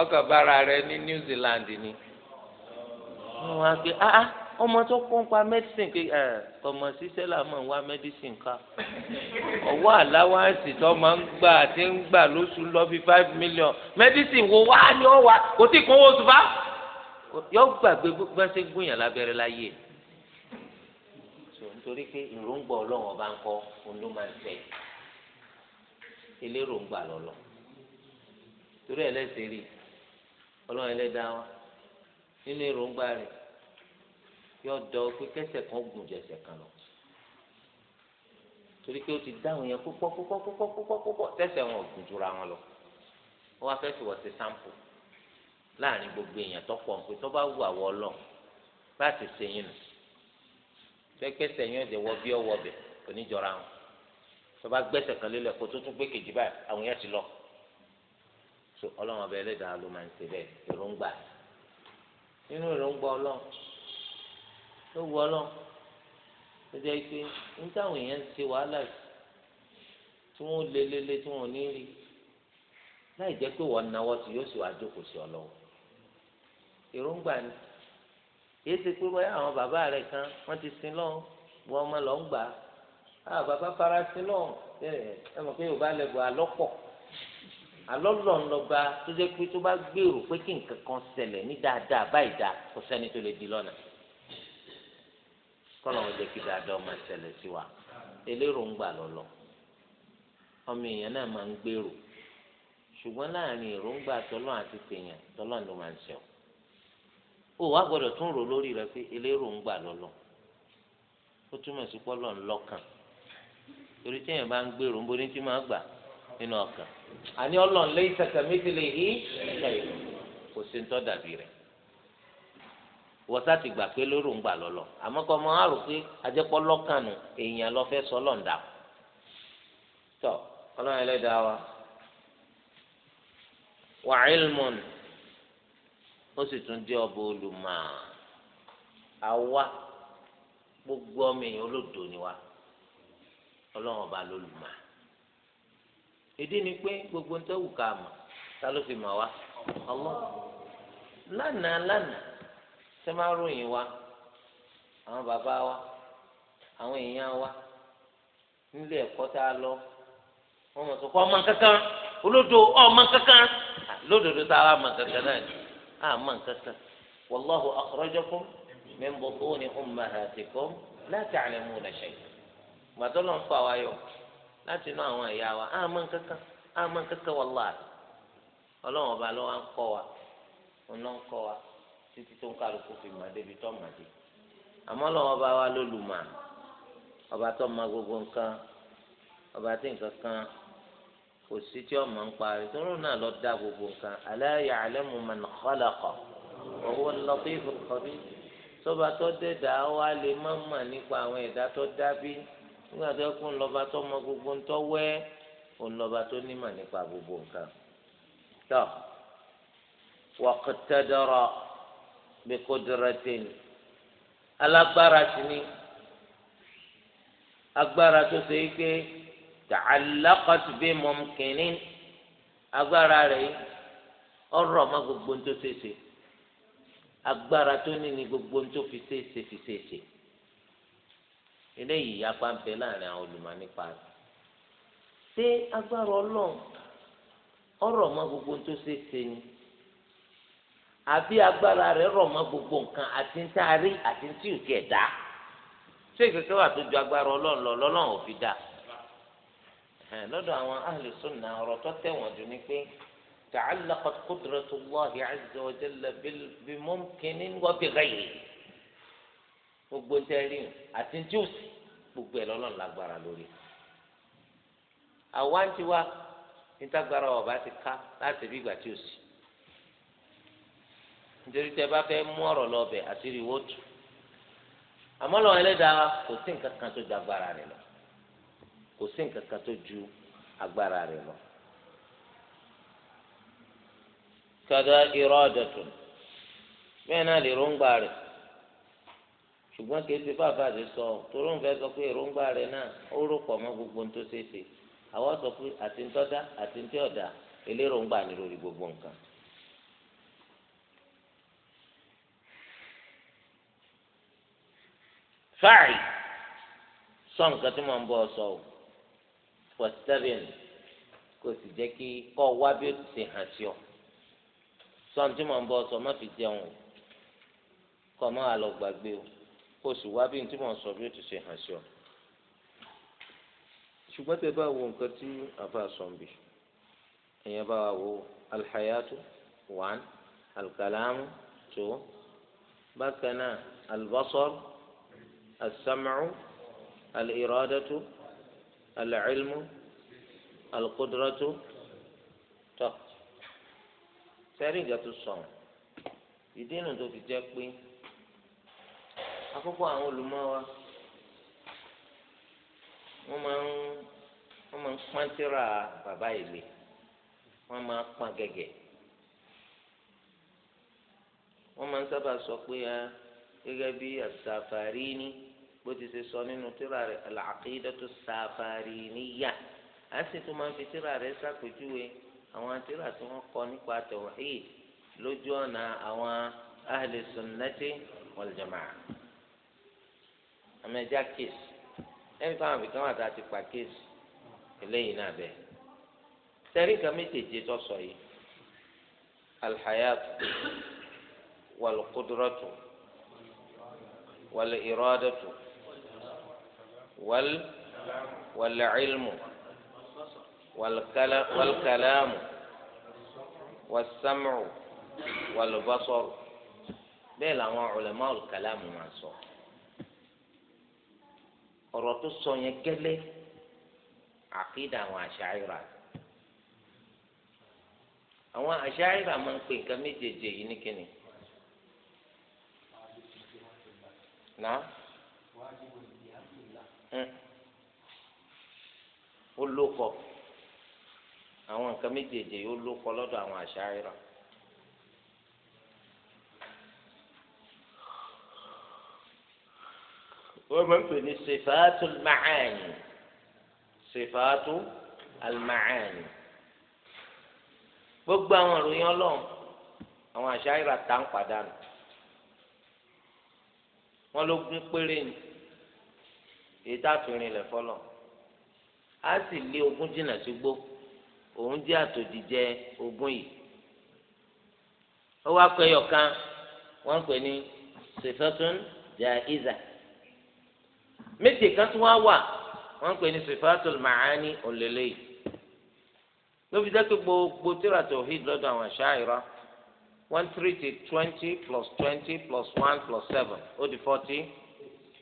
ọkọ̀ bára rẹ ní New Zealand ni. wọ́n á gbé ah ah ọmọ tó kọ́ ń pa medicine pé ẹ ọmọ ṣiṣẹ́ là máa ń wá medicine ká ọwọ́ àláwáǹsì tó máa ń gbà àti ń gbà lóṣù lọ fi five million medicine wo wá ni ó wá kò tí kò wọ́n tuba yọ gbàgbé bá ṣe gbóyàn lábẹ́rẹ́ láyé nítorí pé ìròǹgbà ọlọ́run ọba ń kọ́ òun ló máa ń fẹ́ eléròǹgbà lọ́lọ́ torí ẹ̀ rí ọlọ́run ẹlẹ́dàá wa nínú èròǹgbà rẹ̀ yóò dọ pé kẹsẹ̀ kan gùn jẹsẹ kan lọ torí pé ó ti dáhùn yẹn púpọ̀ púpọ̀ púpọ̀ púpọ̀ púpọ̀ tẹsẹ̀ wọn ò gùn jura wọn lọ ó wá fẹ́ fi wọ́n ti sampo láàrin gbogbo èèyàn tó pọ̀ pé tó bá wù àwọ̀ ọlọ́ láti ṣe yín nù tẹ́kẹ́sẹ̀ yín ọ̀dẹ̀ wọ bí ọwọ́ bẹ̀ kò wọn tó bá gbẹ́sẹ̀ kan lélẹ̀ kó tó tún gbé kejì báyìí àwọn yẹn ti lọ so ọlọ́run ọba ẹlẹ́dàá ló máa ń ṣe bẹ́ẹ̀ èròǹgbà nínú èròǹgbà ọlọ́run ló wọ ọlọ́n tó jẹ́ pé ní táwọn èèyàn ṣe wàhálà tí wọ́n lé lélé tí wọ́n ní rí láì jẹ́ pé wọ́n náwó tí yóò sì wá jókòó sí ọlọ́wọ́ èròǹgbà ni kìí ṣe pé bóyá àwọn bàbá rẹ̀ kan wọ́n ti sin lọ́n wọ́n ọmọ lọ́n gbà á bàbá fara sin lọ́n ẹ mọ̀ pé yorùbá lẹ́gbọ̀ọ́ alọ́pọ̀ alọ́lọ́ ń lọ gba tó jẹ́ pé tó bá gbèrò pé kí nǹkan kan ṣẹlẹ̀ ní dáadáa báyìí dáa kò sẹ́ni tó lè di lọ́nà. kọ́lọ̀ ń jẹ́ kí dáadáa ọmọ ìṣẹ̀lẹ̀ sí wa elérò ń gbà lọ́lọ́ ọmọ èèyàn náà máa ń gbèrò ṣùgbọ́n láàrin èròǹgbà tọ́lọ́ àti tèèyàn tọ́lọ́ ló máa ń ṣe ọ́ ò wá gbọ́dọ̀ tún rò lórí rẹ pé elérò ń gbà lọ́lọ́ ó túmọ̀ sí pọ́lọ́ torí bá ń gbèrò wọ́n sá ti gbà pé lóru ń gbà lọ́lọ́ àmọ́ kọ́ ọmọ àrò pé ajẹ́pọ̀ lọ́kànnù èèyàn lọ fẹ́ sọ lọ́ǹda tọ́ ọlọ́run ẹlẹ́dàá wa wà ilmun ó sì tún jẹ́ ọba olùmọ̀ àwa gbogbo ọmọ èèyàn olódò ni wa ọlọ́run ọba lolùmọ̀ ìdí ni pé gbogbo ń tẹ́wù ká mọ̀ ta ló fi mọ̀ wá ọlọ́ lánàá lánàá ṣé máa ròyìn wa àwọn bàbá wa àwọn èèyàn wa nílé ẹ̀kọ́ tá a lọ wọ́n mọ̀ sọ́kọ́ ọmọ kankan olódo ọmọ kankan lódodo tá a wà mọ̀ kankan náà ni a mọ̀ kankan wallahu akhrajakum min butuni ummahatikum la ta'lamuna shay'a gbàtọ́ ló ń fa yọ láti inú àwọn ẹ̀yà wa a mọ̀ kankan a mọ̀ kankan ọlọ́wọ́n ọba títí tó ń kálukú fi mọ̀ débi tó mọ̀ dé àmọ́ lọ́wọ́ bá wa lólùmọ̀ ọba tó mọ̀ gbogbo nǹkan ọba tí nǹkan kan kò sí tí ọmọ ń parí tó lóun náà lọ dá gbogbo nǹkan ala ya'lamu man khalaqa wa huwa al-latiful khabir sọba tó dé dá wa lè má mà nípa àwọn ẹ̀dá tó dá bí nígbà tó kún lọ́ba tó mọ̀ gbogbo ń tọ́wẹ́ òun lọ́ba tó nímọ̀ nípa gbogbo nǹkan. tó waqtadara biqudratin alágbára sí ni agbára tó ṣe é pé ta'allaqat bi mumkinin agbára rẹ̀ ọ̀rọ̀ ọmọ gbogbo ń tó ṣe ṣe agbára tó ní ni gbogbo ń tó fi ṣe ṣe fi ṣe ṣe eléyìí apá ń bẹ láàrin àwọn olùmọ̀ nípa rẹ̀ ṣé agbára Ọlọ́run ọ̀rọ̀ ọmọ gbogbo tó ṣe ṣe ni àbí agbára rẹ̀ rọ̀ mọ́ gbogbo nǹkan àti ń tá a rí àti ń tí ò tiẹ̀ dá ṣé ìkẹkẹ wà tó ju agbára Ọlọ́run lọ lọ́lọ́run ò fi dá lọ́dọ̀ àwọn ahlu sunna ọ̀rọ̀ tó tẹ̀wọ̀n jù ni pé ta'allaqat qudratullahi azza wa jalla bi mumkinin wa bi ghayrihi gbogbo ń tẹ́rí àti ń tí ò sí gbogbo ẹ̀ lọ́lọ́run lágbára lórí àwa ń tiwa ní tágbára ọ̀bá ti ká láti bí ìgbà tí nítorí tẹ bá fẹ́ mú ọ̀rọ̀ lọ́bẹ̀ àṣírí wó tù àmọ́ kò sí nǹkan kan tó ju lọ kò sí nǹkan kan tó ju agbára rẹ̀ lọ. irọ́ ọ̀dọ̀tún bẹ́ẹ̀ náà lè róńgbà rẹ̀ ṣùgbọ́n kì í ṣe àti sọ torí òun fẹ́ sọ pé èròǹgbà rẹ̀ náà gbogbo ohun tó ṣe é ṣe àwọn sọ pé àti ń gbogbo nǹkan. fáì sọ nǹkan tí mo ń bọ̀ sọ o for seven kò sì jẹ́ kí kọ́ wá bí ó ti ṣe hàn sí ọ sọ nǹkan tí mo ń bọ̀ sọ má fi jẹun o kọ́ má lọ gbàgbé o kò sì wá bí tí mo ń sọ bí ó ti ṣe hàn sí ọ. ṣùgbọ́n tẹ bá wo nǹkan tí àfa sọ̀nbì ẹ̀yẹn bá wa wo alhayatu one alkalamu two bákan náà albasar. السمع الإرادة العلم القدرة تق سريقة الصوم يدين تو في جاكبي أكوكو أقول ما wọ́n máa ń wọ́n máa ń pọ́ntìrà bàbá ìlé wọ́n máa pọ́n gẹ́gẹ́ wọ́n máa ń sábà sọ pé ah, gẹ́gẹ́ bí àsàfàrí ni bó ti ṣe sọ nínú tírà rẹ̀ al-Aqidatu Safariniyya a sì tún máa ń fi tírà rẹ̀ ṣàpèjúwe àwọn tírà tí wọ́n kọ nípa tawhid lójú ọ̀nà àwọn ahli sunnati wal jamaa amẹja kéésì ẹni fáwọn abìkan wà tá a ti pa kéésì eléyìí náà bẹ́ẹ̀ sẹ́rí kan méjèèjì tó sọ yìí alhayatu wal qudratu wal iradatu. وال والعلم والكلام والسمع والبصر bẹ́ẹ̀ làwọn ọ̀lẹ́mọ́ ọ̀lùkàlámù máa sọ ọ̀rọ̀ tó sọ yẹn gẹ́lẹ́ àkídà àwọn àṣàyíra àwọn àṣàyíra máa ń pè nǹkan méjèèjì yìí ní kíni náà ó lókọ àwọn nǹkan méjèèjì yóò lókọ lọ́dọ̀ àwọn àṣàyàn. wọ́n máa ń pè ní sèfàátù màáni sèfàátù àlùmáàni gbogbo àwọn ìròyìn ọlọ́run àwọn àṣàyàn tá ń padànù wọ́n ló gún péré ni èyí tá a tún rin ilẹ̀ fọlọ̀ a sì lé ogún jìnnà sí gbó òun jẹ́ àtòjìjẹ ogún yìí ó wá pé ọ̀kan wọ́n ń pè ní sifatun jaiza méje kan tí wọ́n wà wọ́n pè ní sifatul ma'ani òlélẹ́ yìí lóbi dẹ́ pé gbogbo tíra tòhíd lọ́dọ̀ àwọn Asha'ira wọ́n tírìtì twenty plus twenty plus one plus seven ó di forty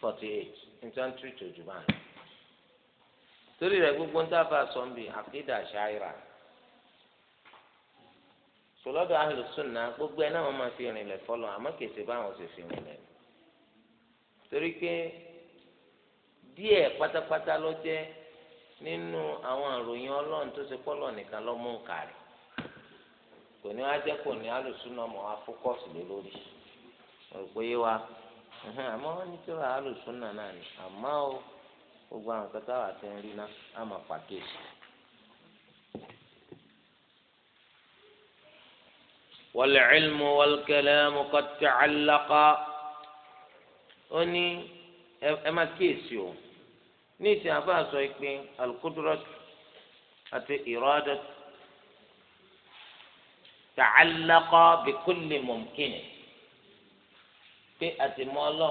forty eight sí tí wọ́n tìrìtì òjò bá ń lọ. torí rẹ̀ gbogbo ń dábàá sọ́nbì àkídà ṣáírà sọlọ́dọ̀ àlùsùnà gbogbo ẹ̀ náà wọ́n máa fi rìnlẹ̀ fọlọ́ àmọ́ kèsì báwọn sì fi rìnlẹ̀ torí pé díẹ̀ pátápátá ló jẹ́ nínú àwọn àròyìn ọlọ́run tó ṣe pọ́lọ̀ nìkan ló mú nkàrí kò ní wá jẹ́ kò ní àlùsùnà mọ́ afókọ́sì lé lórí rò yé wa. àmọ́ wọn ní tíra alùsùnà náà ni àmọ́ o gbogbo àwọn kẹta wà ti ń rí náà á máa pàkíyèsí. والعلم والكلام قد تعلقا ó ní ẹ máa kíyèsí o ní ìsìn àbá sọ pé alukudurot àti ìrọ́dọ̀ tàcálákọ́ bíkúlì mọ̀mkìnì. pé àtìmọ́ ọlọ́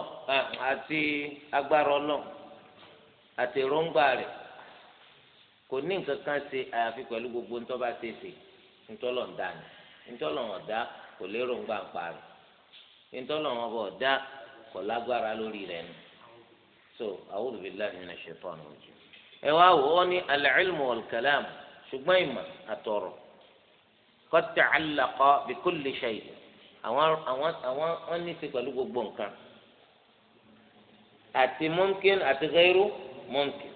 àti agbára ọlọ́ àti èròǹgbà rẹ̀ kò ní nǹkan kan ṣe àyàfi pẹ̀lú gbogbo ntọ́ bá ṣe ṣe ntọ́lọ̀ ń dá ni ntọ́lọ̀ ń dá kò lérò ń gbà ń parí ntọ́lọ̀ ń bọ̀ dá kò lágbára lórí rẹ̀ ni so a'udhu billahi minash shaitani rajim. ẹ wá wò ó ní al-ilmu ṣùgbọ́n ìmọ̀ àtọ̀rọ̀ qad ta'allaqa bi kulli shay'in àwọn àwọn àwọn wọn ní í ṣe pẹ̀lú gbogbo nǹkan àti mọ́mkín àti gẹ́rú mọ́mkín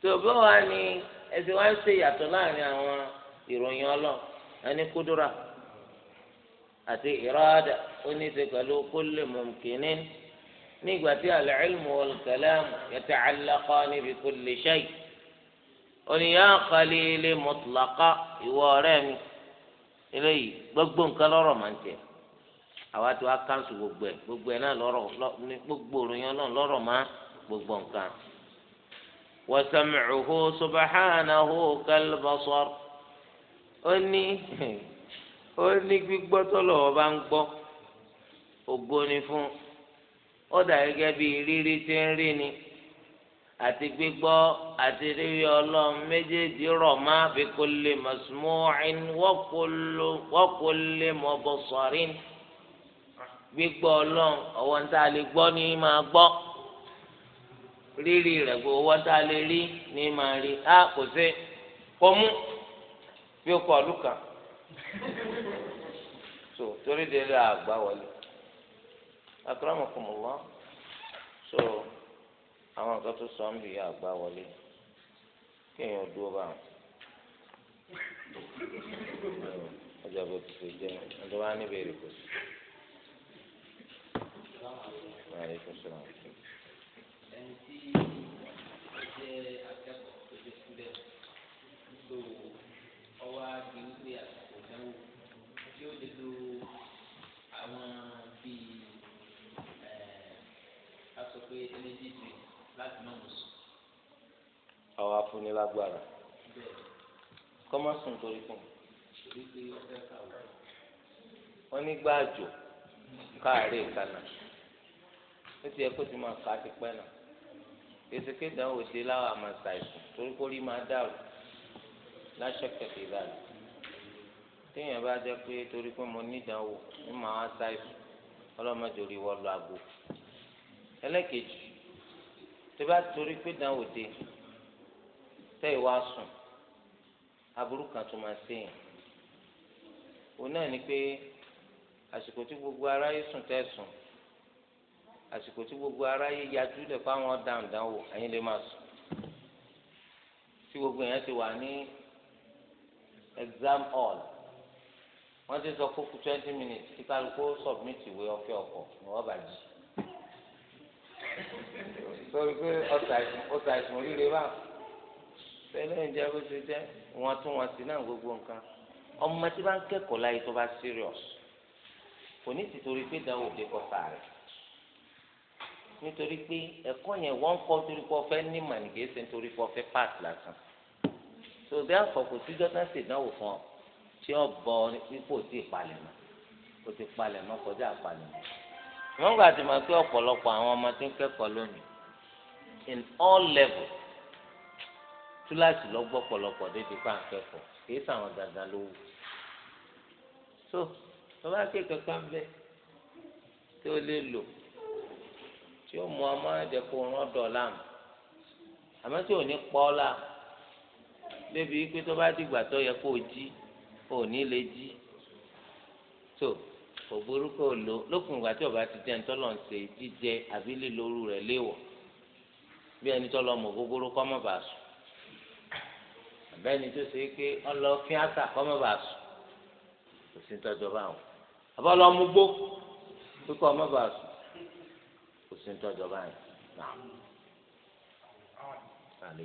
tó bá wà ní ẹsẹ̀ wá ń ṣe ìyàtọ̀ láàrin àwọn ìròyìn ọlọ́run ẹni kúdúrà àti ìrọ́dà ó ní í ṣe pẹ̀lú kulli nígbà tí al-ilmu wal-kalam yata'allaqani bi kulli shay' ó ní yá qalili ìwọ ọ̀rẹ́ mi eléyìí gbogbo nǹkan lọ́rọ̀ máa ń tẹ̀ àwa tí wàá kánṣu gbogbo ẹ̀ gbogbo ẹ̀ náà lọ́rọ̀ gbogbo òròyìn ọlọ́run lọ́rọ̀ máa gbogbo nǹkan. wa sam'uhu subhanahu kal basar ó ní ó ní gbígbọ́ tọ́lọ̀ ọba ń gbọ́ ògo fún ó dà gẹ́gẹ́ bí rírí tí ń rí ni àti gbígbọ́ àti rírí ọlọ́run méjèèjì rọ̀ má fi kulli masmu'in wa kulli mubsarin gbígbọ́ ọlọ́run ọwọ́ ń tá a lè gbọ́ ní máa gbọ́ rírì rẹ̀ gbọ́ ọwọ́ tá lè rí ní máa rí a kò sí kò mú bí o kọ̀ ọdún kan so torí délé àgbà wọlé akramakumullah so àwọn nǹkan tó sọ ń bì yá àgbá wọlé kéèyàn dúró bá wọn. ọjọ́ bó ti ṣe jẹ́ ọjọ́ bá níbi èrè kò sí. ẹni tí ó jẹ́ akẹ́kọ̀ọ́ tó jẹ́ sílẹ̀ lò ọwọ́ agi wípé àsìkò náwó tí ó lè lo àwọn bíi a sọ pé energy drink láti má mọ̀ sùn. àwọn afúnilágbára kọ́mọ́sùn torí fún mi. wọ́n ní gbàjò káàárẹ̀ ìkànnà ó ti yẹ kó ti máa kà á ti pẹ́ náà kèsìkè dánwò dé láwọn àmàṣà ìsùn torí kó rí máa dàrú láṣọ kẹfì ìlànà téèyàn bá jẹ pé torí pé mo nídàáwò ń máa wá ṣàìsùn ọlọ́mọdé orí wọ́n lọ àgbo ẹlẹ́kejì tó bá torí pé dánwò dé tẹ ìwà sùn aburú kan tó máa ṣe yẹn òun náà ni pé àsìkò tí gbogbo aráyé sùn tẹ sùn àsìkò tí gbogbo aráyé yájú lẹ fáwọn dáhùn dánwò ẹ̀yin lè máa sùn tí gbogbo yẹn ti wà ní exam hall wọ́n ti sọ kókó twenty minutes tí kálukú submit ìwé ọ̀fẹ́ ọ̀kọ̀ ni wọ́n bá jí torí pé ọ̀sà ìsùn líle bá tẹ́lẹ̀ ń jẹ́ bó ṣe jẹ́ wọ́n tún wọn sí náà gbogbo nǹkan ọmọ tí bá ń kẹ́kọ̀ọ́ láyé tó bá serious kò ní ti torí pé dáwọ́ òde kọ sàárẹ̀ nítorí pé ẹ̀kọ́ yẹn wọ́n kọ́ torí pé ọfẹ́ ní mànìgẹ́sẹ̀ nítorí pé ọfẹ́ pass lásán so therefore kò síjọ́ tán ṣèdánwò fún ọ tí ó bọ ipò tí ìpalẹ̀mọ́ kò ti palẹ̀mọ́ kọjá ìpalẹ̀mọ́ ìwọ̀n gbà tí mo pé ọ̀pọ̀lọpọ̀ àwọn ọmọ tí ń kẹ́kọ̀ọ́ lónìí in all levels túláàsì lọ́gbọ́ pọ̀lọpọ̀ dédé pa àkẹ́kọ̀ọ́ kìí sàwọn dandan ló wù so bàbá akẹ́kọ̀ọ́ kan bẹ tí ó lè lò tí ó mú ọmọ ẹ̀dẹ́kọ̀ rán dọ̀là mọ́ àmọ́ tí ò ní pọ́ la débi pé tó bá dìgbà tó yẹ kó jí ò ní lè jí tó kò burúkú lò lókùn ìgbà tí ọba ti jẹ́ ń tọ́lọ̀ ń ṣe jíjẹ àbí lílo orú rẹ̀ léèwọ̀ bí ẹni tó lọ mọ gógóró kọ́ mọ́ bàá sùn àbẹ́ni tó ṣe pé ọlọ fín àṣà kọ́ mọ́ bàá sùn kò sí tọ́jọ́ báwọn àbọ̀ lọ mú gbó kíkọ́ mọ́ bàá sùn kò sí tọ́jọ́ báyìí náà. Bẹ́ẹ̀ni,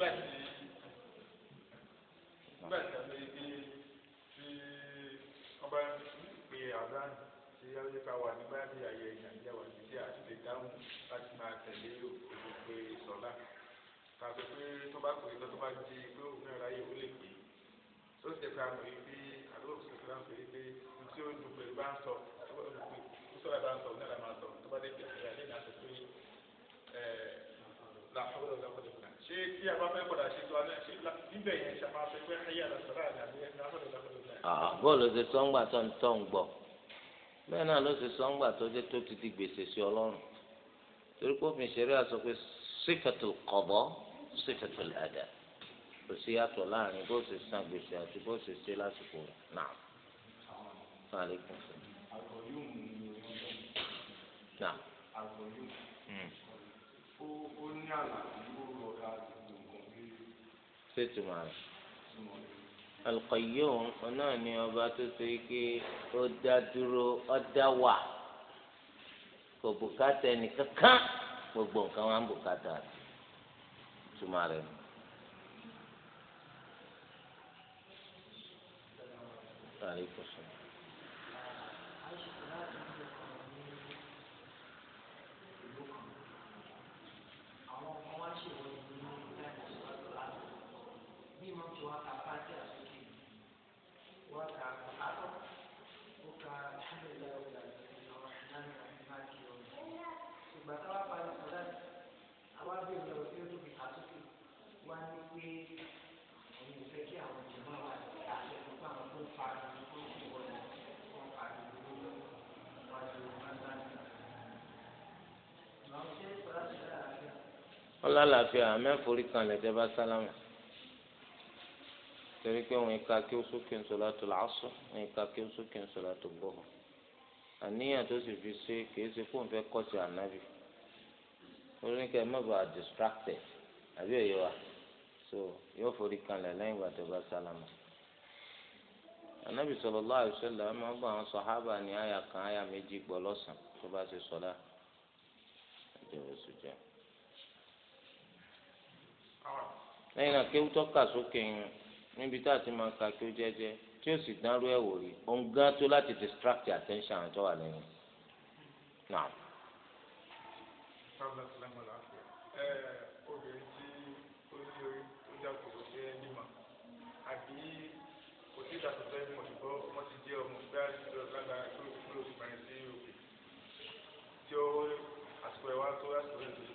bẹ́ẹ̀ni, ọ̀sẹ̀ yìí ti ọba pe àdán ti yára yípa láti máa tẹ̀lé òkú pé sọ̀lá tàbí pé tó bá pè é tó bá di pé òun náà ráyè ó lè pè é tó ṣe pé àmọ̀ yìí pé àdúgbò ṣe pé láǹfẹ̀ yìí pé tí ó dùn pé bá ń sọ tó bá dùn pé tó sọ̀rọ̀ bá ń sọ náà máa sọ tó bá dé pèsè àlẹ́ náà sọ pé làkúrò làkúrò kan ṣé tí a bá fẹ́ padà ṣe tó a ṣe níbẹ̀ yẹn ṣe máa fẹ́ pé ayé àlàsọ̀rọ̀ àgbẹ̀ làkúrò làkúrò kan. bọ́ọ̀lù ti sọ́ngbà bẹ́ẹ̀ náà ló ti sọ́ngbà tó dé tó ti di gbèsè sí ọlọ́run torí pé òfin ṣẹlẹ̀ àṣọ pé sífẹtù kọbọ sífẹtù àdá kò sí yàtọ̀ láàrin bó ṣe san gbèsè àti bó ṣe ṣe lásìkò náà sàn àlékún. ni ọba tó ṣe pé ó dá dúró ó wà. kò bùkátà ẹnìkankan gbogbo nǹkan wọn ń bùkátà túmọ̀ rẹ̀ nù. عليكم ọlọ́láfíà àmẹ́forí kan lẹ́tẹ̀ bá sálámà torí pé òun ìka kí ó sókè ń sọlá tó làásù òun ìka kí ó sókè ń sọlá tó bọ̀ àníyàn tó sì fi ṣe kìí ṣe fóun fẹ́ kọ́ sí ànábì oníkẹ́ mọ̀bà distracted àbí òye wa so yóò forí kan lẹ̀ lẹ́yìn ìgbà tó bá sálámà ànábì sallallahu alaihi wasallam máa ń bọ̀ àwọn sọ̀hábà ní àyà kan àyà méjì gbọ́ lọ́sàn tó bá ṣe sọlá ìjọba ìṣòjọ́ lẹ́yìn náà kéwú tó kà sókè yẹn níbi tá a ti máa ka kéwú jẹ́jẹ́ tí ó sì dánrú ẹ̀wò rí òun gan tó láti distract attention àjọ wà lẹ́yìn náà. obìnrin tí ó ní orí tó jákòó kò ṣe é nímọ̀ àbí kò sí ìdàtọ̀tọ̀ ìmọ̀ ṣùgbọ́n wọ́n ti jẹ́ ọmọ bí a ti lọ lágbára kúrò sí òkè tí ó àsìkò ẹ̀wá tó tó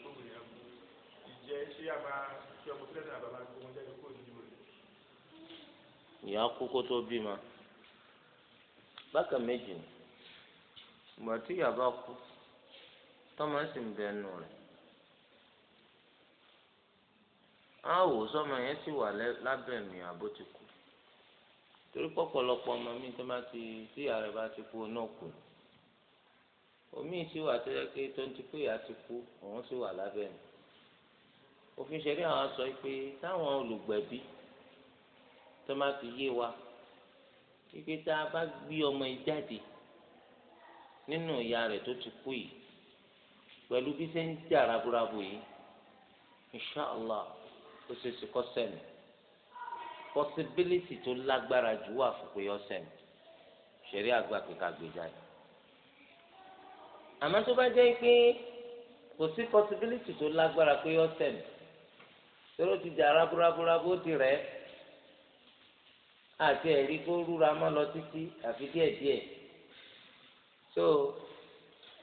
ṣé a máa ṣe ọmọ sílẹ̀ náà bàbá tó wọn jáde kúrò nínú rẹ̀. ìyá kókó tó bímọ bákan méjì ni ìgbà tí ìyá bá kú tọ́mọ sì ń bẹ ẹnu rẹ̀ á wò sọ́mọ yẹn sì wà lábẹ́ mi àbó ti kú torí pọ̀pọ̀lọpọ̀ ọmọ mi tó bá ti tí ìyá rẹ̀ bá ti kú náà kù omi sì tó yẹ pé tó ń ti kú ìyá ti kú òun sì wà lábẹ́ mi òfin ṣẹlẹ̀ àwọn sọ pé táwọn olùgbẹ̀bí tó máa fi yé wa pípé tá a bá gbé ọmọ yìí jáde nínú ìyá rẹ̀ tó ti kú yìí pẹ̀lú bí ṣe ń jà raburabu yìí inshàlá ó ṣe ṣe kọ́ sẹ́mi pọsibílítì tó lágbára jù wà fún pé ọ̀sẹ̀mi ṣẹ̀rí àgbà kíkà gbé jáde àmọ́ tó bá jẹ́ pé kò sí pọsibílítì tó lágbára pé ọ̀sẹ̀mi tóró ti jà rábúrábúrábú ó ti rẹ̀ àti ẹ̀rí kó rúra mọ́ lọ títí àfi díẹ̀díẹ̀ so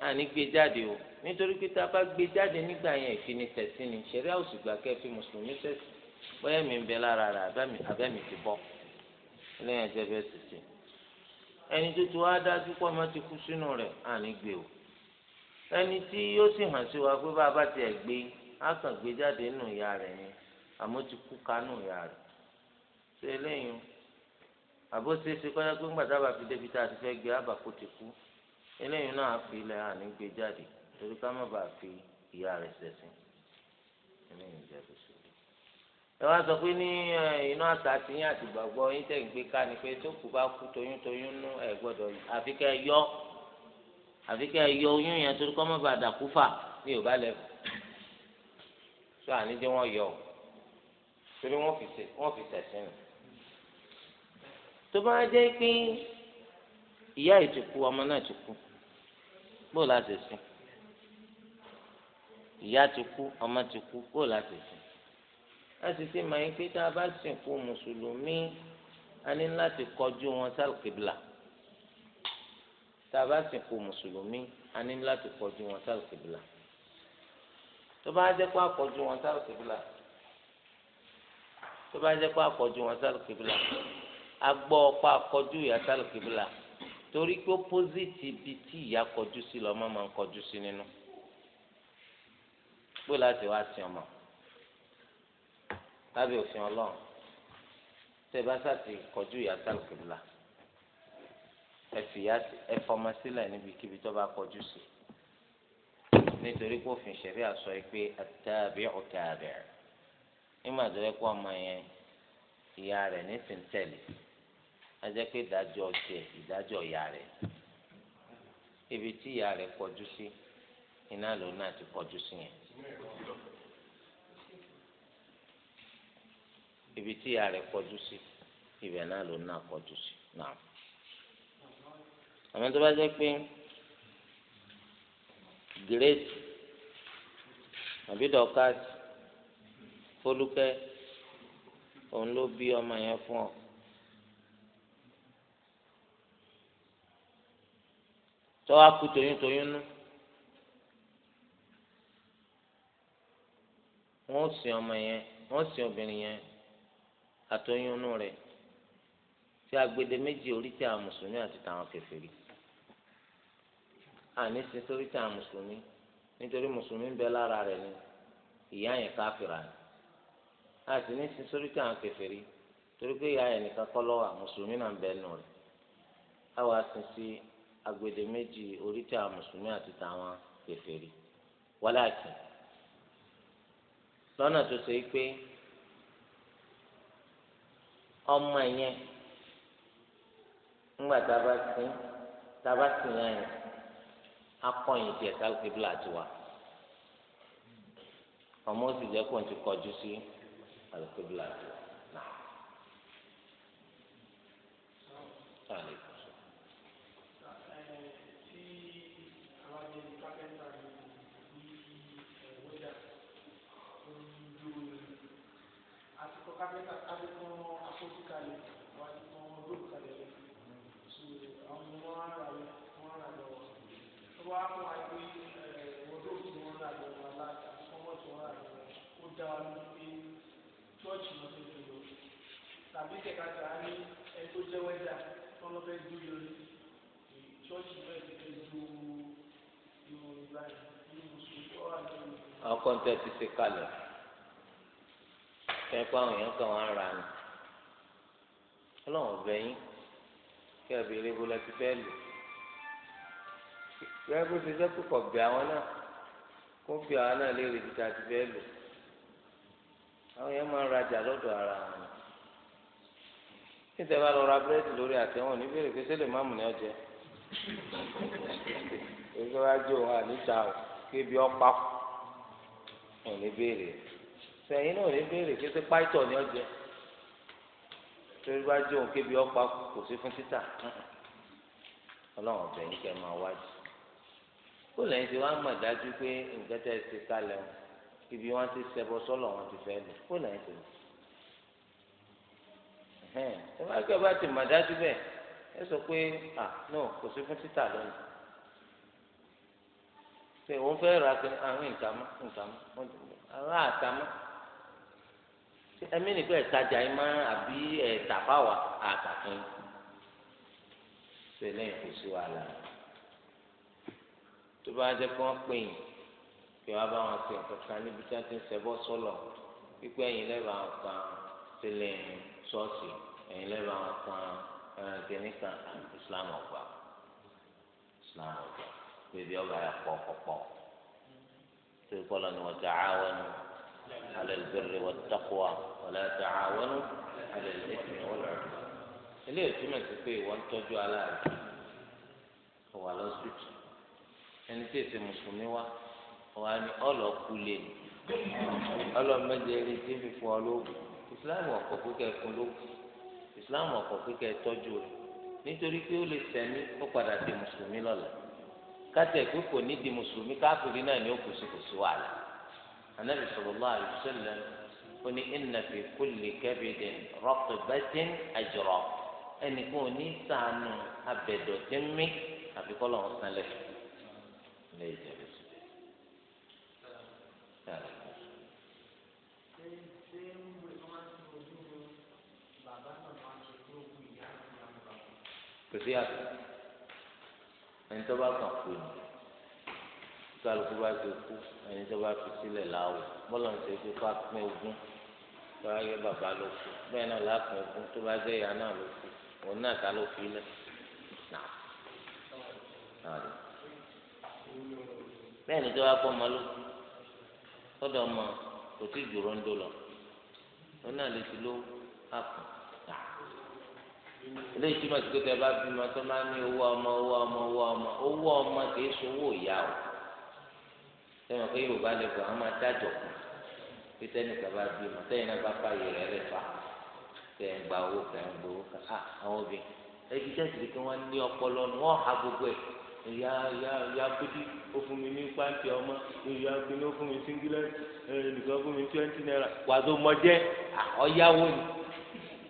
àní gbé jáde o nítorí pé tá a bá gbé jáde nígbà yẹn ìfinisẹ̀sí ni ṣẹ̀rí àwòsùgbà kẹfì mùsùlùmí sẹ̀sì bóyá mi ń bẹ lára rẹ̀ àbẹ́mi ti bọ́ lẹ́yìn ẹ̀jẹ̀ bẹ́ẹ̀ sì sí ẹni tó ti wá dájú pọ̀ mọ́ ti kú sínú rẹ̀ àní gbé o ẹni tí yóò sì hàn sí wa pé bá a bá tiẹ̀ gbé a kàn gbé jáde nù ìyá rẹ̀ ni àmọ́ ti kú kánú ìyá rẹ̀ ṣe eléyìí àbó ṣeéṣe kọ́yá pé ńgbà dábàá fi débi tá a ti fẹ́ gbé àbàkù ti kú eléyìí náà fi ilẹ̀ àní gbé jáde torí ká má bàa fi ìyá rẹ̀ ṣẹ̀sìn eléyìí jẹ́ kó ṣe. ẹ wá sọ pé ní iná àtà ti yín àti gbàgbọ́ yín tẹ̀ ń gbé ká ni pé tó kù bá kú toyúntoyún nú ẹ̀ gbọ́dọ̀ àfi kẹ́ ẹ yọ àfi kẹ́ ẹ yọ oyún yẹn torí kọ́ torí wọ́n fi ṣe wọ́n fi ṣẹ̀sìn nù. tó bá jẹ́ pé ìyá yìí ti kú ọmọ náà ti kú bó la ṣe sìn ìyá ti kú ọmọ ti kú bó la ṣe sìn láti ṣe máa ń pé tá a bá sìnkú mùsùlùmí a ní láti kọjú wọn sálùkìbìlà tá a bá sìnkú mùsùlùmí a ní láti kọjú wọn sálùkìbìlà tó bá jẹ́ pé a kọjú wọn sálùkìbìlà tó bá jẹ́ pé àkọ́jú wọn sálù kìbìlà agbọ́ ọ̀pá àkọ́jú ìyá sálù kìbìlà torí pé pósìtì ibi tí ìyá kọjú sí lọ́mọ máa ń kọjú sí nínú pé láti wá sí ọmọ lábẹ́ òfin ọlọ́run tẹ́ bá sàti kọjú ìyá sálù kìbìlà ẹ fọmọ sílẹ̀ níbikíbi tó bá kọjú sí nítorí pé òfin ṣẹ̀rí àsọ yìí pé àtàbí ọ̀tàbẹ̀rẹ̀. Ima tó yẹ kó ọmọ yẹn ìyá rẹ̀ nísìnyí tẹ̀lé ajẹ́ pé yaarɛ tí ìyá na ti kọjú sí yẹn tí ìyá rẹ̀ kọjú sí ibẹ̀ náà lòun náà kọjú sí náà fọlùkẹ́ òun ló bí ọmọ yẹn fún ọ. tọ́wọ́ akú toyúntoyún nú wọ́n sin ọmọ yẹn wọ́n sin obìnrin yẹn àtoyún nú rẹ̀ tí agbede méjì orí tí àwọn mùsùlùmí àti tàwọn kèfèrí àní sin sórí tí àwọn mùsùlùmí nítorí mùsùlùmí ń bẹ lára rẹ̀ ni ìyá yẹn káfíra ni a sì ní sin sórí tí àwọn kèfèrí torí pé ìyá ẹ̀ nìkan kọ́ lọ́wọ́ mùsùlùmí náà ń bẹ nù rẹ̀ a wá sin sí agbede méjì orí tí àwọn mùsùlùmí àti tàwọn kèfèrí wáláàkì lọ́nà tó ṣe pé ọmọ yẹn ńgbà tá a bá sin tá a bá sin yẹn akọ̀yìn tiẹ̀ sálùkì bílà tiwa ọmọ òsì jẹ́ kó n ti kọjú sí. Si alukobila tó nà. Sáàlì kò sọ. Tí àwọn ẹni kápẹ́ntà ní ẹ̀wọ́dà tó ń dúró àsìkò kápẹ́ntà kápẹ́ntà akóso kalẹ̀ àwọn àsìkò olóòtú kalẹ̀ lẹ̀. Àwọn ọmọ wọn ara rẹ̀ wọn ara lọ. Wọ́n á fún ṣọ́ọ̀ṣì wọn ti dùn lọ tàbí kẹ̀kẹ́ ta ní ẹgbẹ́ jẹ́ wẹ́dà wọn lọ fẹ́ dú lórí ṣọ́ọ̀ṣì náà ti fẹ́ dú ìwọ̀n ìbáyìí ní mùsùlùmí ọ̀rọ̀ àti ìwọ̀n. àwọn kọ́ńtà ti ṣe kalẹ̀ kẹ́ pa àwọn èèyàn kan wọ́n ra ni ọlọ́run ọ̀bẹ yín kí ẹ béèrè bó la ti fẹ́ lò kí ẹ bó ṣe jẹ́ kó kọ̀ àwọn náà kó bẹ àwọn náà léèrè bí ta ti fẹ́ lò àwọn yẹn máa ń rajà lọ́dọ̀ ara wọn níta bá lọ ra búrẹ́dì lórí àtẹ̀wọ̀n ní bèrè pé sẹ́lẹ̀ máàmù ni ọjẹ́ èso wá jó wa níta o kébi ọ̀pá kù ò ní bèrè sẹ́yìn náà ò ní bèrè pé sẹ́ páìtọ̀ ni ọjẹ́ torí wá jó kébi ọ̀pá kù kò sí fún títà ọlọ́run ọ̀bẹ̀ yín kẹ́ máa wájú kó lẹ́yìn tí wọ́n á mọ̀ dájú pé nǹkan tẹ́ ẹ ti kalẹ̀ wọn ibi wọn ti ṣẹbọ sọlọ wọn ti fẹ lò kó náà ẹ tẹlẹ ẹhẹn ẹ bá gbé ọba ti mà dájú bẹ́ẹ̀ ẹ sọ pé à no kò sí fún títà lónìí pé òun fẹ́ ra pé àwọn nǹkan mọ́ nǹkan mọ́ àwọn àtà mọ́ ẹmí nìkan ẹ̀tajà yìí máa àbí ẹ̀tà fáwà àtàkùn ṣe lẹ́yìn kò sí wàhálà tó bá jẹ́ pé wọ́n pè yín kí wọn bá wọn ṣe nǹkan kan níbi tí wọn ti ń ṣẹbọ sọlọ wípé ẹ̀yin lẹba àwọn kan sílẹ̀ ṣọ́ọ̀ṣì ẹ̀yin lẹba àwọn kan kìnìún kan islam ọgbà islam ọgbà bèbí ọgbà yà pọ pọpọ tó kọlọ ni wọn ta'awanu ala al-birri wat-taqwa wa la ta'awanu ala al-ithmi wal-'udwan ilé ìtumọ̀ sí pé ìwọ tọ́jú aláàbí ọ̀wà lọ́sítì ẹni tí èsì wọn á ọlọ ọlọ́ọ̀kú lè ní ẹni tí fi fún ọ lóògùn ìsìláàmù ọ̀kọ̀ kíkẹ́ fún lóògùn ìsìláàmù ọ̀kọ̀ kíkẹ́ tọ́jú rẹ̀ nítorí pé ó lè sẹ́ni ó padà di mùsùlùmí lọ́la kátẹ́ pé kò ní di mùsùlùmí káfíìrì náà ní onye sí wàhálà inna sí àtọ̀ ẹni tó bá kàn kú ni kálukú bá ti kú ẹni tó bá fi sílẹ̀ láwù bọ́lá ń ṣe fi ká pín ogún tó bá yẹ bàbá ló kú bẹ́ẹ̀ náà lápín ogún tó bá jẹ́ ìyá náà ló kú òun náà ká ló fi lẹ̀ bẹ́ẹ̀ ni tó bá kọ́ ọmọ ló kú tọ́dọ̀ ọmọ kò tí jùrọ̀ ń dò lọ òun náà lè ti ló àpọ̀. eléyìí túmọ̀ sí pé tẹ bá bímọ tó máa ní owó ọmọ owó ọmọ owó ọmọ owó ọmọ kìí sowó ìyá o sẹ́wọ̀n pé yorùbá lè gbọ́ àwọn máa dájọ́ kù bá fa gba owó á ah, àwọn obìnrin wọ́n ní ọpọlọ ọmọ ìyá ó fún mi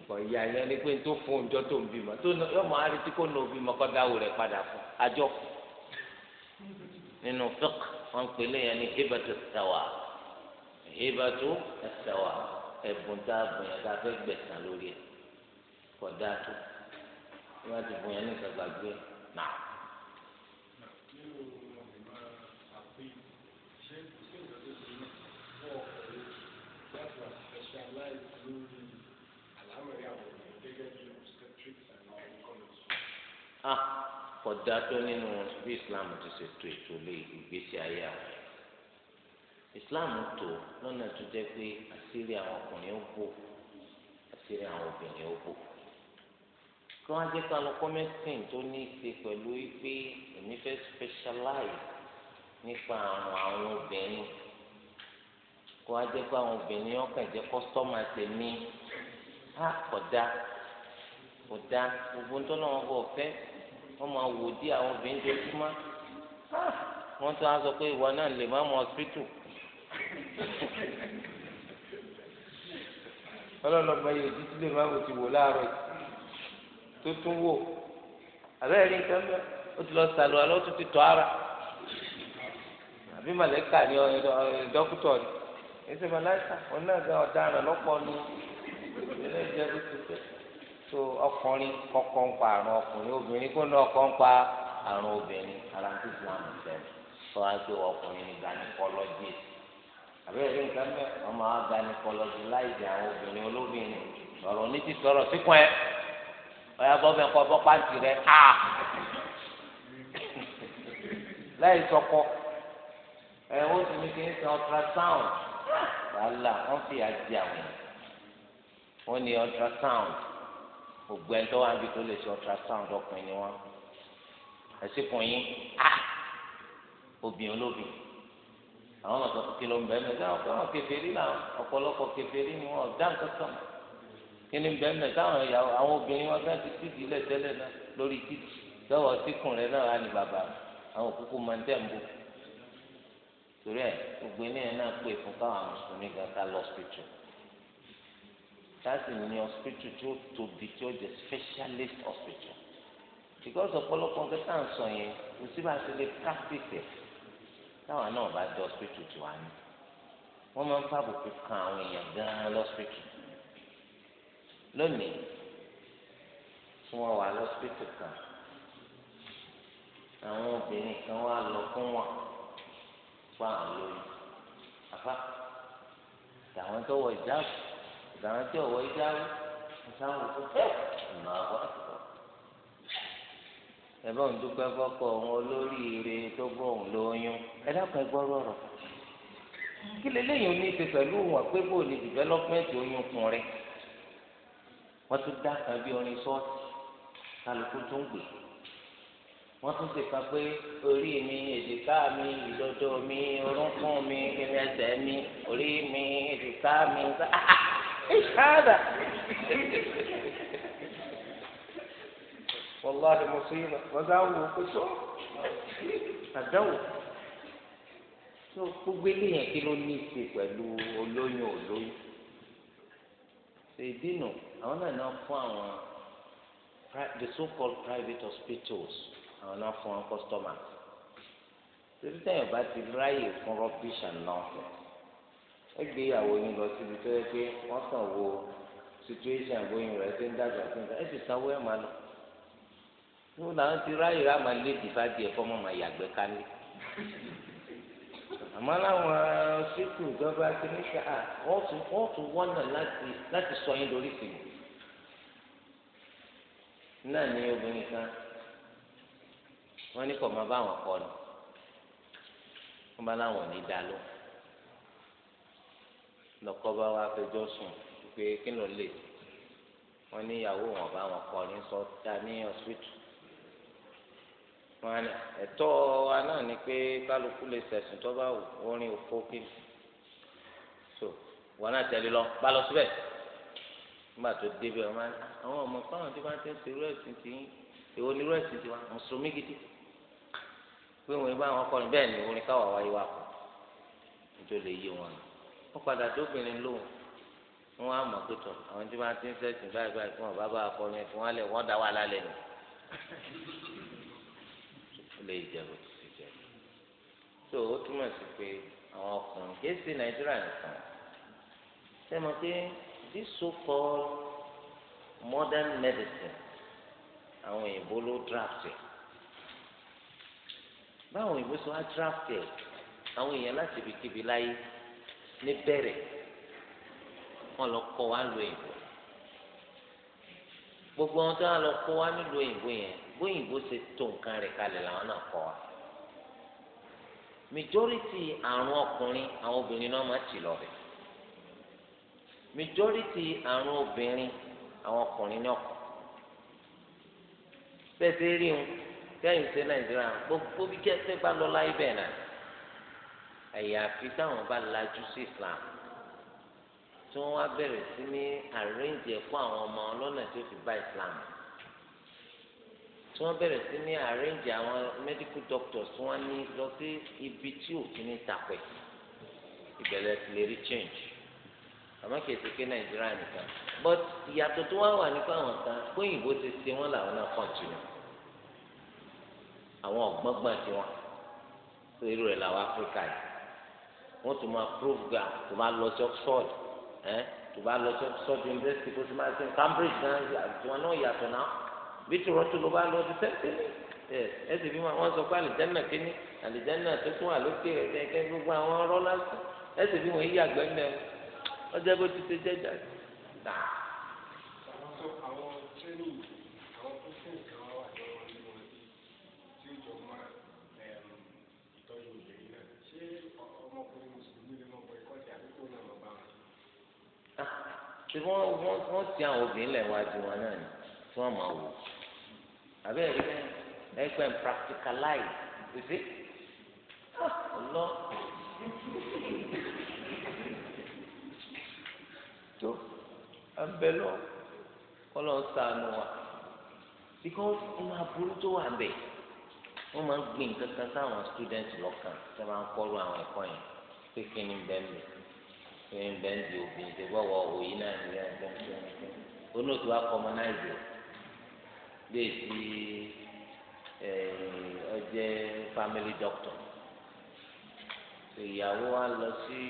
kọ ìyá yẹn ni pé tó fún ọjọ́ tó ń bímọ tó yọmọ arétí kó nà òbí mọkọ dáwò rẹ padà fún àjọ nínú fẹk wọn pè lé yẹn ní hibatu sawa hibatu sawa ẹbùn tá a bùn yẹn tá a fẹ́ lórí ẹ kọ dáa wọn ti bùn yẹn ní ìgbàgbé náà. Ah, kọjá tó nínú bí islam ti ṣe tó ètò lé ìgbésí ayé àwọn islam tó lọ́nà tó jẹ́ pé àṣírí àwọn ọkùnrin ó bò àṣírí àwọn obìnrin ó bò kí wọ́n á jẹ́ pé alọ́kọ́ mẹ́sìn tó ní í ṣe pẹ̀lú pé èmi fẹ́ specialize nípa àrùn àwọn obìnrin kó wá jẹ́ pé àwọn obìnrin ọkàn jẹ́ kọ́sítọ́mà tèmi á ah, kọ̀dá kọ̀dá gbogbo ń tọ́nà wọn bọ̀ fẹ́ wọ́n máa wò dí àwọn obìnrin tó súnmọ́ ah, wọ́n tún á sọ pé ìwọ náà lè má mọ ọsibítù ọlọ́lọ́mọ yìí ojú sílẹ̀ má mo ti wò láàárọ̀ tó tún wò àbẹ́rẹ́ rí nǹkan bẹ́ẹ̀ ó ti lọ sàlù alọ́ tó ti tọ́ ara àbí màlẹ́kà ni dókítọ̀ ni èsì màlẹ́kà ọ̀nà ọ̀daràn lọ́pọ̀ nu ìrẹ́jẹ ló ti tẹ́ so ọkùnrin kọ́kọ́ ń pa àrùn ọkùnrin obìnrin kó náà kọ́ ń pa àrùn obìnrin ara ń tẹ̀sí àmì sẹ́nu sọ wá pé ọkùnrin ní gynecology àbẹ̀rẹ̀ nǹkan mẹ́ ọmọ wa gynecology láì jẹ àwọn obìnrin olóbìnrin ọ̀rọ̀ ní ti sọ̀rọ̀ síkùn ẹ̀ ọ̀yà bọ́bẹ̀ kọ́ bọ́ pàǹtì rẹ̀ á láì sọkọ ẹ̀ ó sì ní kí n san ultrasound wàhálà wọ́n fi àjẹ àwọn wọ́n ní ultrasound gbogbo ẹni tó wà níbi tó lè ṣe ultrasound ọkùnrin ni wọn ẹsìn kùn yín á ah! obìnrin olóbìn àwọn ọmọ sọ̀tún kìlọ̀ mbẹ́mẹ́ táwọn fẹ́ràn kẹfẹ́rí làwọn ọ̀pọ̀lọpọ̀ kẹfẹ́rí ni wọn ọ̀dá nǹkan kan kíni mbẹ́mẹ́ táwọn ìyàwó àwọn obìnrin wọn fẹ́ ti títì ilẹ̀ tẹ́lẹ̀ náà lórí títì lọ́wọ́ síkùn rẹ̀ náà wà ní bàbá àwọn òkúkú máa ń tẹ̀ ń bò torí ẹ̀ gbogbo ẹni ẹ̀ náà pè fún káwọn mùsùlùmí gan ká lọ́ọ́ tààsì ní hospital tí ó tóbi tí o jẹ́ specialist hospital because ọ̀pọ̀lọpọ̀ nǹkan tá à ń sọ yẹn kò sí bá a ṣe lè practice ẹ̀ táwọn náà bá dé hospital tí wàá ní wọ́n máa ń fàbùkù kan àwọn èèyàn gan-an lọ́sípítù lónìí tí wọ́n wà lọ́sípítù kan àwọn obìnrin kan wá lọ fún wọn fún àwọn lórí àfa tàwọn tó wọ ìjáàbù àtàwọn tí ọwọ́ yìí dáwọ àtàwọn òkú ẹ ọmọ àbọ ẹbá òun dúpẹ́ fọ́kọ òun olóríire tó bọ́ òun lóyún ẹ dákun ẹgbọ́rú ọ̀rọ̀ kí leléyìí ní ti pẹ̀lú wọn pé bò ní dìvẹ́lọ́pẹ́ǹtì oyún kun rẹ wọ́n tún dá bí orin sọ́ọ̀tì kálukú tó ń gbè wọ́n tún ti kan pé orí mi èjìká mi ìdodo mi orúnkún mi ẹsẹ̀ mi orí mi èjìká mi sáà. ايش هذا والله مصيبة وزاوه قصور الدور tó gbogbo eléyàn kí ló ní í ṣe pẹ̀lú olóyún olóyún ṣèdínà àwọn the so called private hospitals أنا náà fún customers torí tẹ̀yìn bá ti ráyè fún rubbish and ẹ gbé ìyàwó yín lọ síbi tó yẹ pé wọ́n kàn wo situation bóyin rẹ̀ ṣe ń dàgbà fún ẹ sì sanwó ẹ̀ máa lọ. níbo làwọn ti ráyè rà máa lé dìbà díẹ̀ fọmọ máa yàgbẹ́ kálí. àmọ́ láwọn ṣíkù ìjọba ti ní ká wọ́n tún wọ́n tún wọ́nà láti láti sọ yín lórí ìsìnkú. náà ní obìnrin kan wọ́n ní kọ̀ máa bá àwọn kọ́ ni wọ́n bá láwọn ò ní dá lóhùn lọ́kọ wa wá fẹjọ́ sùn pé kí ló lè wọ́n ní ìyàwó wọn bá wọn kọ́ ní sọ́ta ní ọ̀sìpìtì wọn ẹ̀tọ́ wa náà ni pé kálukú lè sẹ̀sùn tó bá wù orin òfó kí so wọn náà tẹ̀lé lọ bá lọ síbẹ̀ nígbà tó débẹ̀ wọn máa àwọn ọmọ fáwọn tí wọ́n ti ń ṣe irú ẹ̀sìn tí èwo ni irú ẹ̀sìn tí wọn mùsùlùmí gidi pé wọn bá wọn kọ́ ni bẹ́ẹ̀ ni orin káwọn wáyé wà kọ́ nítorí lè yé wọn nù wọ́n padà dóbìnrin lóhùn wọ́n á mọ̀ pé tọ̀ àwọn tí wọ́n ti ń sẹ́sìn báyìí báyìí fún ọ̀bá bá akọrin fún wọn lẹ̀ wọ́n dá wà lálẹ́ nù. ilé ìjẹ̀bù ti ti jẹ̀ tó o túmọ̀ sí pé àwọn ọkùnrin kìí sí nàìjíríà nìkan ṣé mo pé this so called modern medicine àwọn òyìnbó ló draft ẹ̀ báwọn òyìnbó sọ á draft ẹ̀ àwọn èèyàn láti ibikíbi láyé. níbẹ̀rẹ̀ wọn lọ kọ wa lu òyìnbó gbogbo wọn tó wà lọ kọ wa nílùú òyìnbó yẹn bóyìnbó ṣe tó nǹkan rẹ̀ kalẹ̀ làwọn náà kọ́ wa àrùn ọkùnrin àwọn obìnrin náà máa tì lọ́bẹ̀ àrùn obìnrin àwọn ọkùnrin náà bẹ́ẹ̀ rí wọn kẹ́yìn ṣe nàìjíríà gbogbo bí bá lọ láyé bẹ́ẹ̀ náà. àyàfi táwọn bá lajú sí islam tí wọ́n wá bẹ̀rẹ̀ sí ní àrẹ́ǹjì ẹ̀kọ́ àwọn ọmọ ọlọ́nà tó fi bá islam tí wọ́n bẹ̀rẹ̀ sí ní àrẹ́ǹjì àwọn medical doctors tí wọ́n ní lọ sí ibi tí òfin ní tapẹ̀ ìbẹ̀rẹ̀ ti lè rí change àmọ́ kìí ṣe pé nàìjíríà nìkan but ìyàtọ̀ tó wá wà nípa àwọn kan kóyìnbó ti ṣe wọ́n làwọn náà continue àwọn ọ̀gbọ́ngbọ́n tiwọn tó irú rẹ̀ làwọn áfíríkà yìí wọ́n tún máa prove gà tó bá lọ sí Oxford ẹ́ tó bá lọ sí Oxford University tó ti máa sí Cambridge náà àtiwọn náà yàtọ̀ náà bí tòrọ́ tó lọ bá lọ sí sẹ́ńtẹ́lì ẹ sì bí wọ́n sọ pé àlìjẹ́nà kínní àlìjẹ́nà tó tún wà lókè rẹ̀ kẹ́ gbogbo àwọn ọ̀rọ̀ lásán ẹ sì bí wọ́n yí àgbẹ̀ mẹ́rin ọjọ́ bó ti ṣe jẹ́jà náà. ṣé wọ́n wọ́n wọ́n ti àwọn obìnrin lẹ̀ wájú wọn náà ni tí wọ́n máa wò àbẹ́rẹ́ rí bẹ́ẹ̀ ẹgbẹ́ practicalize you see ah, tó abẹ lọ kọlọ sànù wa because ìmọ̀ aburú tó wà bẹ̀ wọ́n máa gbìn kankan sáwọn students lọ́kàn tí wọ́n máa ń kọ́ru àwọn ẹ̀kọ́ yẹn pé kí ni bẹ́ẹ̀ bẹ́ẹ̀. ṣe ń bẹ́ẹ̀ di òfin ṣe òyìn náà ní ẹgbẹ́ ẹgbẹ́ onótùú akọmọnáìzì lè fi ọjẹ́ family doctor ìyàwó wa lọ sí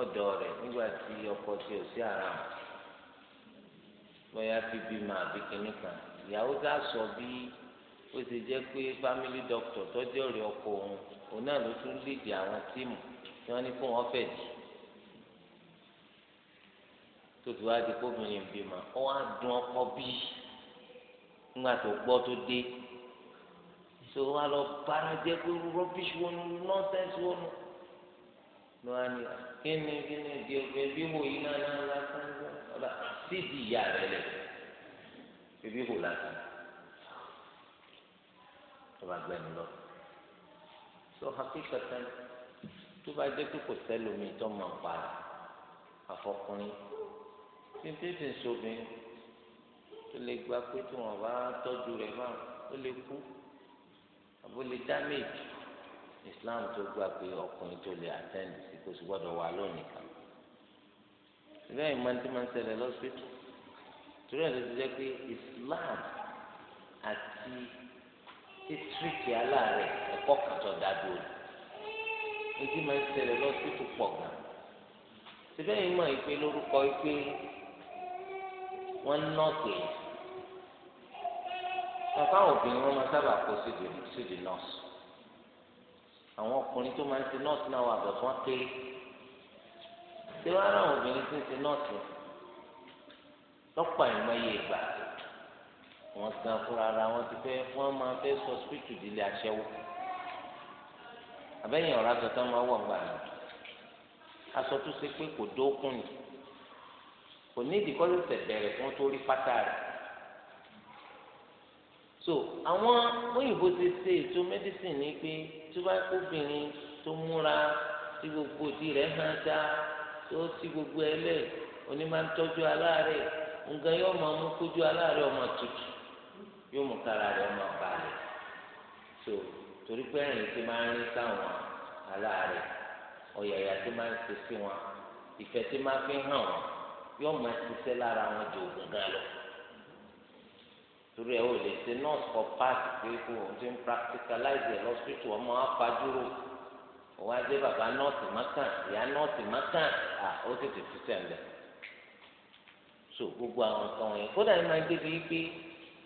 ọ̀dọ̀ rẹ̀ nígbà tí ọkọ tí ò sí ara wọn bóyá bíbí máa kan ìyàwó tá a sọ bí ó ti jẹ́ pé family doctor tọ́jú ọ̀rẹ́ ọkọ òun òun náà ló tún àwọn tíìmù tí wọ́n tó ti di kóbìnrin bímọ ó wá dùn ọkọ bí nígbà tó gbọ́ tó dé so wá lọ bára jẹ pé rubbish wọnú nonsense wọnú ló wá ní kíni kíni di ọbẹ bí wò yí náà náà lásán ọba síbi ìyá rẹ lẹ bíbí wò lásán ọba gbẹmí lọ so happy kẹtẹ tó bá jẹ pé kò sẹlómi tó máa pa àfọkùnrin tí tètè sobìnrin tó lè gba pé tí wọn bá tọ́jú rẹ̀ máa ó lè kú àbó lè dámèjì Islam tó gba pé ọkùnrin tó lè àtẹ́ǹdì sí kó sì gbọ́dọ̀ wà lónìí kan ìgbà yìí máa ń tí máa ń ṣẹlẹ̀ lọ́sítù torí ẹ̀ ló ti jẹ́ pé Islam àti títírìkì aláàárẹ̀ ẹ̀kọ́ kan tó dá dúró ní tí máa ń ṣẹlẹ̀ lọ́sítù pọ̀ gan-an síbẹ̀ yìí máa ń pe lórúkọ pé wọn ná pé kàkà obìnrin wọn máa sábà kó sídi nọ́ọ̀sì àwọn ọkùnrin tó máa ń ti nọ́ọ̀sì náà wà bẹ̀ fún kéré tí wọn ará obìnrin tí ń ti nọ́ọ̀sì lọ́pọ̀ àìmọye ìgbà wọn gan fúnra ara wọn ti fẹ́ wọn máa fẹ́ sọ spiritu ìdílé aṣẹ́wó abẹ́yẹn ọ̀rá tuntun máa wọ̀ gbà náà aṣọ tó ṣe pé kò dókun nìyí kò ní ìdíkọ́ lọ́sẹ̀ bẹ̀rẹ̀ fún tó rí pátá rẹ̀ so àwọn òyìnbó ti ṣe ètò mẹ́dísìn ní pé tó bá obìnrin tó múra tí gbogbo òdì rẹ̀ hàn dá tó sí gbogbo ẹ lẹ̀ oní máa ń tọ́jú aláàárẹ̀ nǹkan yóò máa mú kójú aláàárẹ̀ ọmọ tutù yóò mú kára rẹ̀ ọmọ balẹ̀ so torí pé ẹ̀rìn ti máa ń rí sáwọn aláàárẹ̀ ọ̀yàyà ti máa ń ṣe sí wọn ìfẹ́ ti máa fi hàn wọn yóò máa ṣiṣẹ́ lára àwọn jò gàngán lọ torí ẹ ò lè ṣe nurse for part pé kó o ti ń practicalize ẹ lọ́sítítù ọmọ apájúrò òun á dé bàbá nọ́ọ̀sì mọ́kàn ìyá nọ́ọ̀sì mọ́kàn à ó sì ṣiṣẹ́ ń bẹ̀ so gbogbo àwọn nǹkan wọ̀nyẹn kódà ní máa débi pé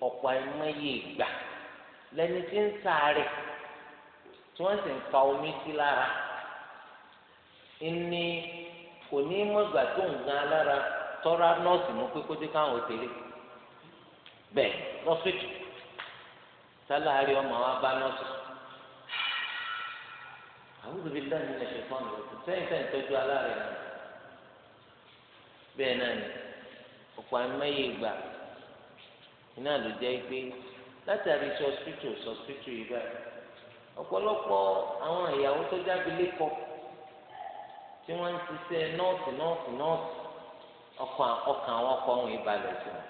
ọ̀pọ̀ àìmọye ìgbà lẹni tí ń sáré tí wọ́n sì ń ka omi sí lára ní kò ní mọ̀gbà tó ń gan alára. tọ́ra nọ́ọ̀sì mú pé kó dé káwọn òtẹ́lẹ̀ bẹ́ẹ̀ lọ́sítù sálárì ọmọ wa bá nọ́ọ̀sì àwùjọ lẹ́nu ilẹ̀ ṣe fọ́ọ̀nù sẹ́yìn sẹ́yìn náà bẹ́ẹ̀ náà ni ọ̀pọ̀ iná ló jẹ́ pé látàrí yìí ọ̀pọ̀lọpọ̀ àwọn ìyàwó tó jáde lẹ́kọ̀ọ́ ọkàn ọkàn àwọn ọkọ wọn ìbalẹ̀ sí wọn.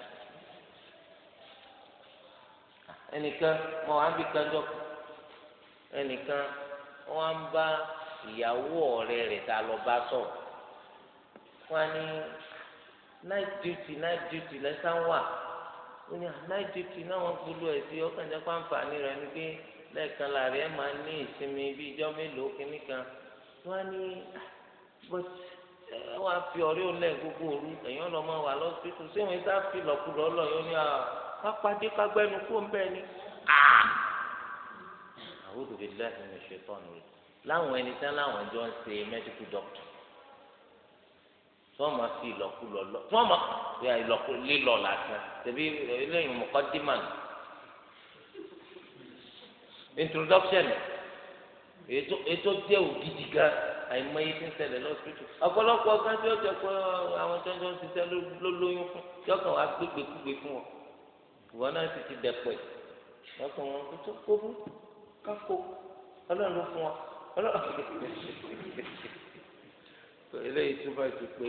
ẹnìkan mọ wá bí kanjọ ẹnìkan wọn ń bá ìyàwó ọ̀rẹ́ rẹ̀ ta lọ bá sọ wọn ní night duty night duty lẹ́sàn wà ó ní ah, night duty náà wọ́n gbólú ẹ̀ sí ọkàn jẹ́ pàǹfààní rẹ̀ ni pé lẹ́ẹ̀kan làárẹ̀ máa ní ìsinmi bíi ijọ́ mélòó kìíní kan wọ́n ní ah, bọ́tí wọn fi ọ̀rẹ́ olẹ gbogbo òru èèyàn lọ máa wà lọsibítù sí wọn sá fi lọkùlọ lọ yọ ní àwọn kápádé kágbẹnu kó ń bẹ ni. àwọn òbí lẹ́sìn ní ṣetán rẹ láwọn ẹni tán láwọn jọ ń ṣe medical doctor tí wọn máa fi ìlọkulọ lọ tí wọn máa fi ìlọkulọ lílọ lásán tẹbi eh, eléyìí mọkọ dìmọ nù introduction ètò ètò jẹ ògidì gan àìmọye tí ń ṣẹlẹ̀ lọ́sítútù ọ̀pọ̀lọpọ̀ ọgbọ́n tí ó jẹ pé àwọn tó ń jọ ń ṣiṣẹ́ ló lóyún fún yọkàn wá gbégbé kúgbé fún ọ ìwọ náà sì ti dẹ̀pẹ̀ lọ́kàn wọn tó kó fún kákó ọlọ́run ló fún ọ ọlọ́run eléyìí túbọ̀ ti pé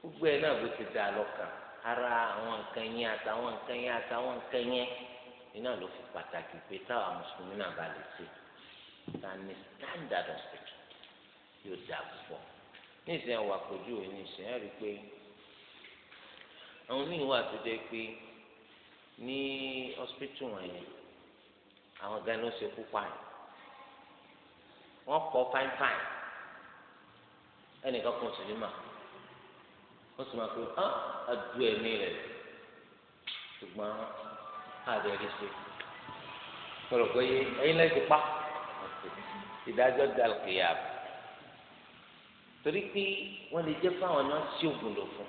gbogbo ẹ̀ náà bó ti dà lọ́kàn ara àwọn nǹkan yẹn àtàwọn nǹkan yẹn àtàwọn nǹkan yẹn iná ló fi pàtàkì pé táwa mùsùlùmí náà bá lè ṣe ta ni standard of yóò dà púpọ̀ ní ìsìn àwọn àpòjù òní ìsìn á rí i pé àwọn oníyìí wà tó jẹ́ pé ní hospital wọ̀nyẹn àwọn gan ló ṣe kú pààyàn wọ́n kọ́ fáìfáì ẹnìkan kún sinimá wọ́n sì máa pé á adu ẹ̀mí rẹ̀ ṣùgbọ́n àdéhùn ṣe kọ̀rọ̀ pé ẹ̀yin lẹ́yìn ti pa ìdájọ́ dàlùkìyà torí pé wọ́n lè jẹ́ fáwọn náà sí oògùn lò fún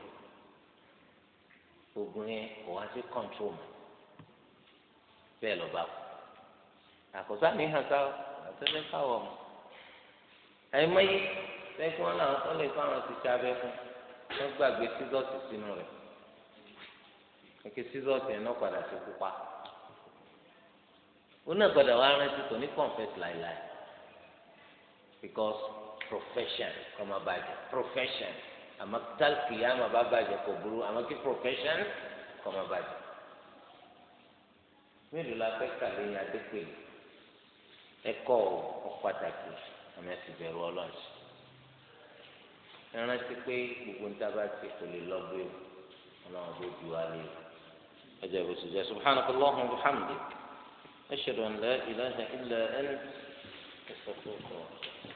oògùn yẹn kò wá sí kọ́ńtró mọ́ bẹ́ẹ̀ lọ́ba kù àkóso àmì hàn sáwọ́ àtẹ́lẹ́ fáwọ́ mọ́ àìmọye lẹ́gbọ́n wọn làwọn sọ́lẹ̀ fáwọn ti ṣe abẹ́ fún wọ́n gbàgbé sísọ́ọ̀sì sínú rẹ̀ kẹ́kẹ́ sísọ́ọ̀sì yẹn náà padà ṣe pupa ó náà gbọ́dọ̀ wá rántí kò ní confess láìláì because profession kọ́ máa bàjẹ́ profession àmọ́ tálkì yá máa bá bàjẹ́ kò burú àmọ́ kí profession kọ́ máa bàjẹ́. mélòó la fẹ́ kàlẹ́ yín adépèlé ẹ̀kọ́ ọ̀ pàtàkì àmì ẹ̀sìn bẹ̀rù ọlọ́ọ̀sì. ẹ rántí pé gbogbo ń tábà ti kò lè lọ bí ọlọ́run bó ju wa lé ọjọ́ ìbùsùn jẹ́ subhanahu wa ta'ala wa hamdi ashhadu an la ilaha illa anta astaghfiruka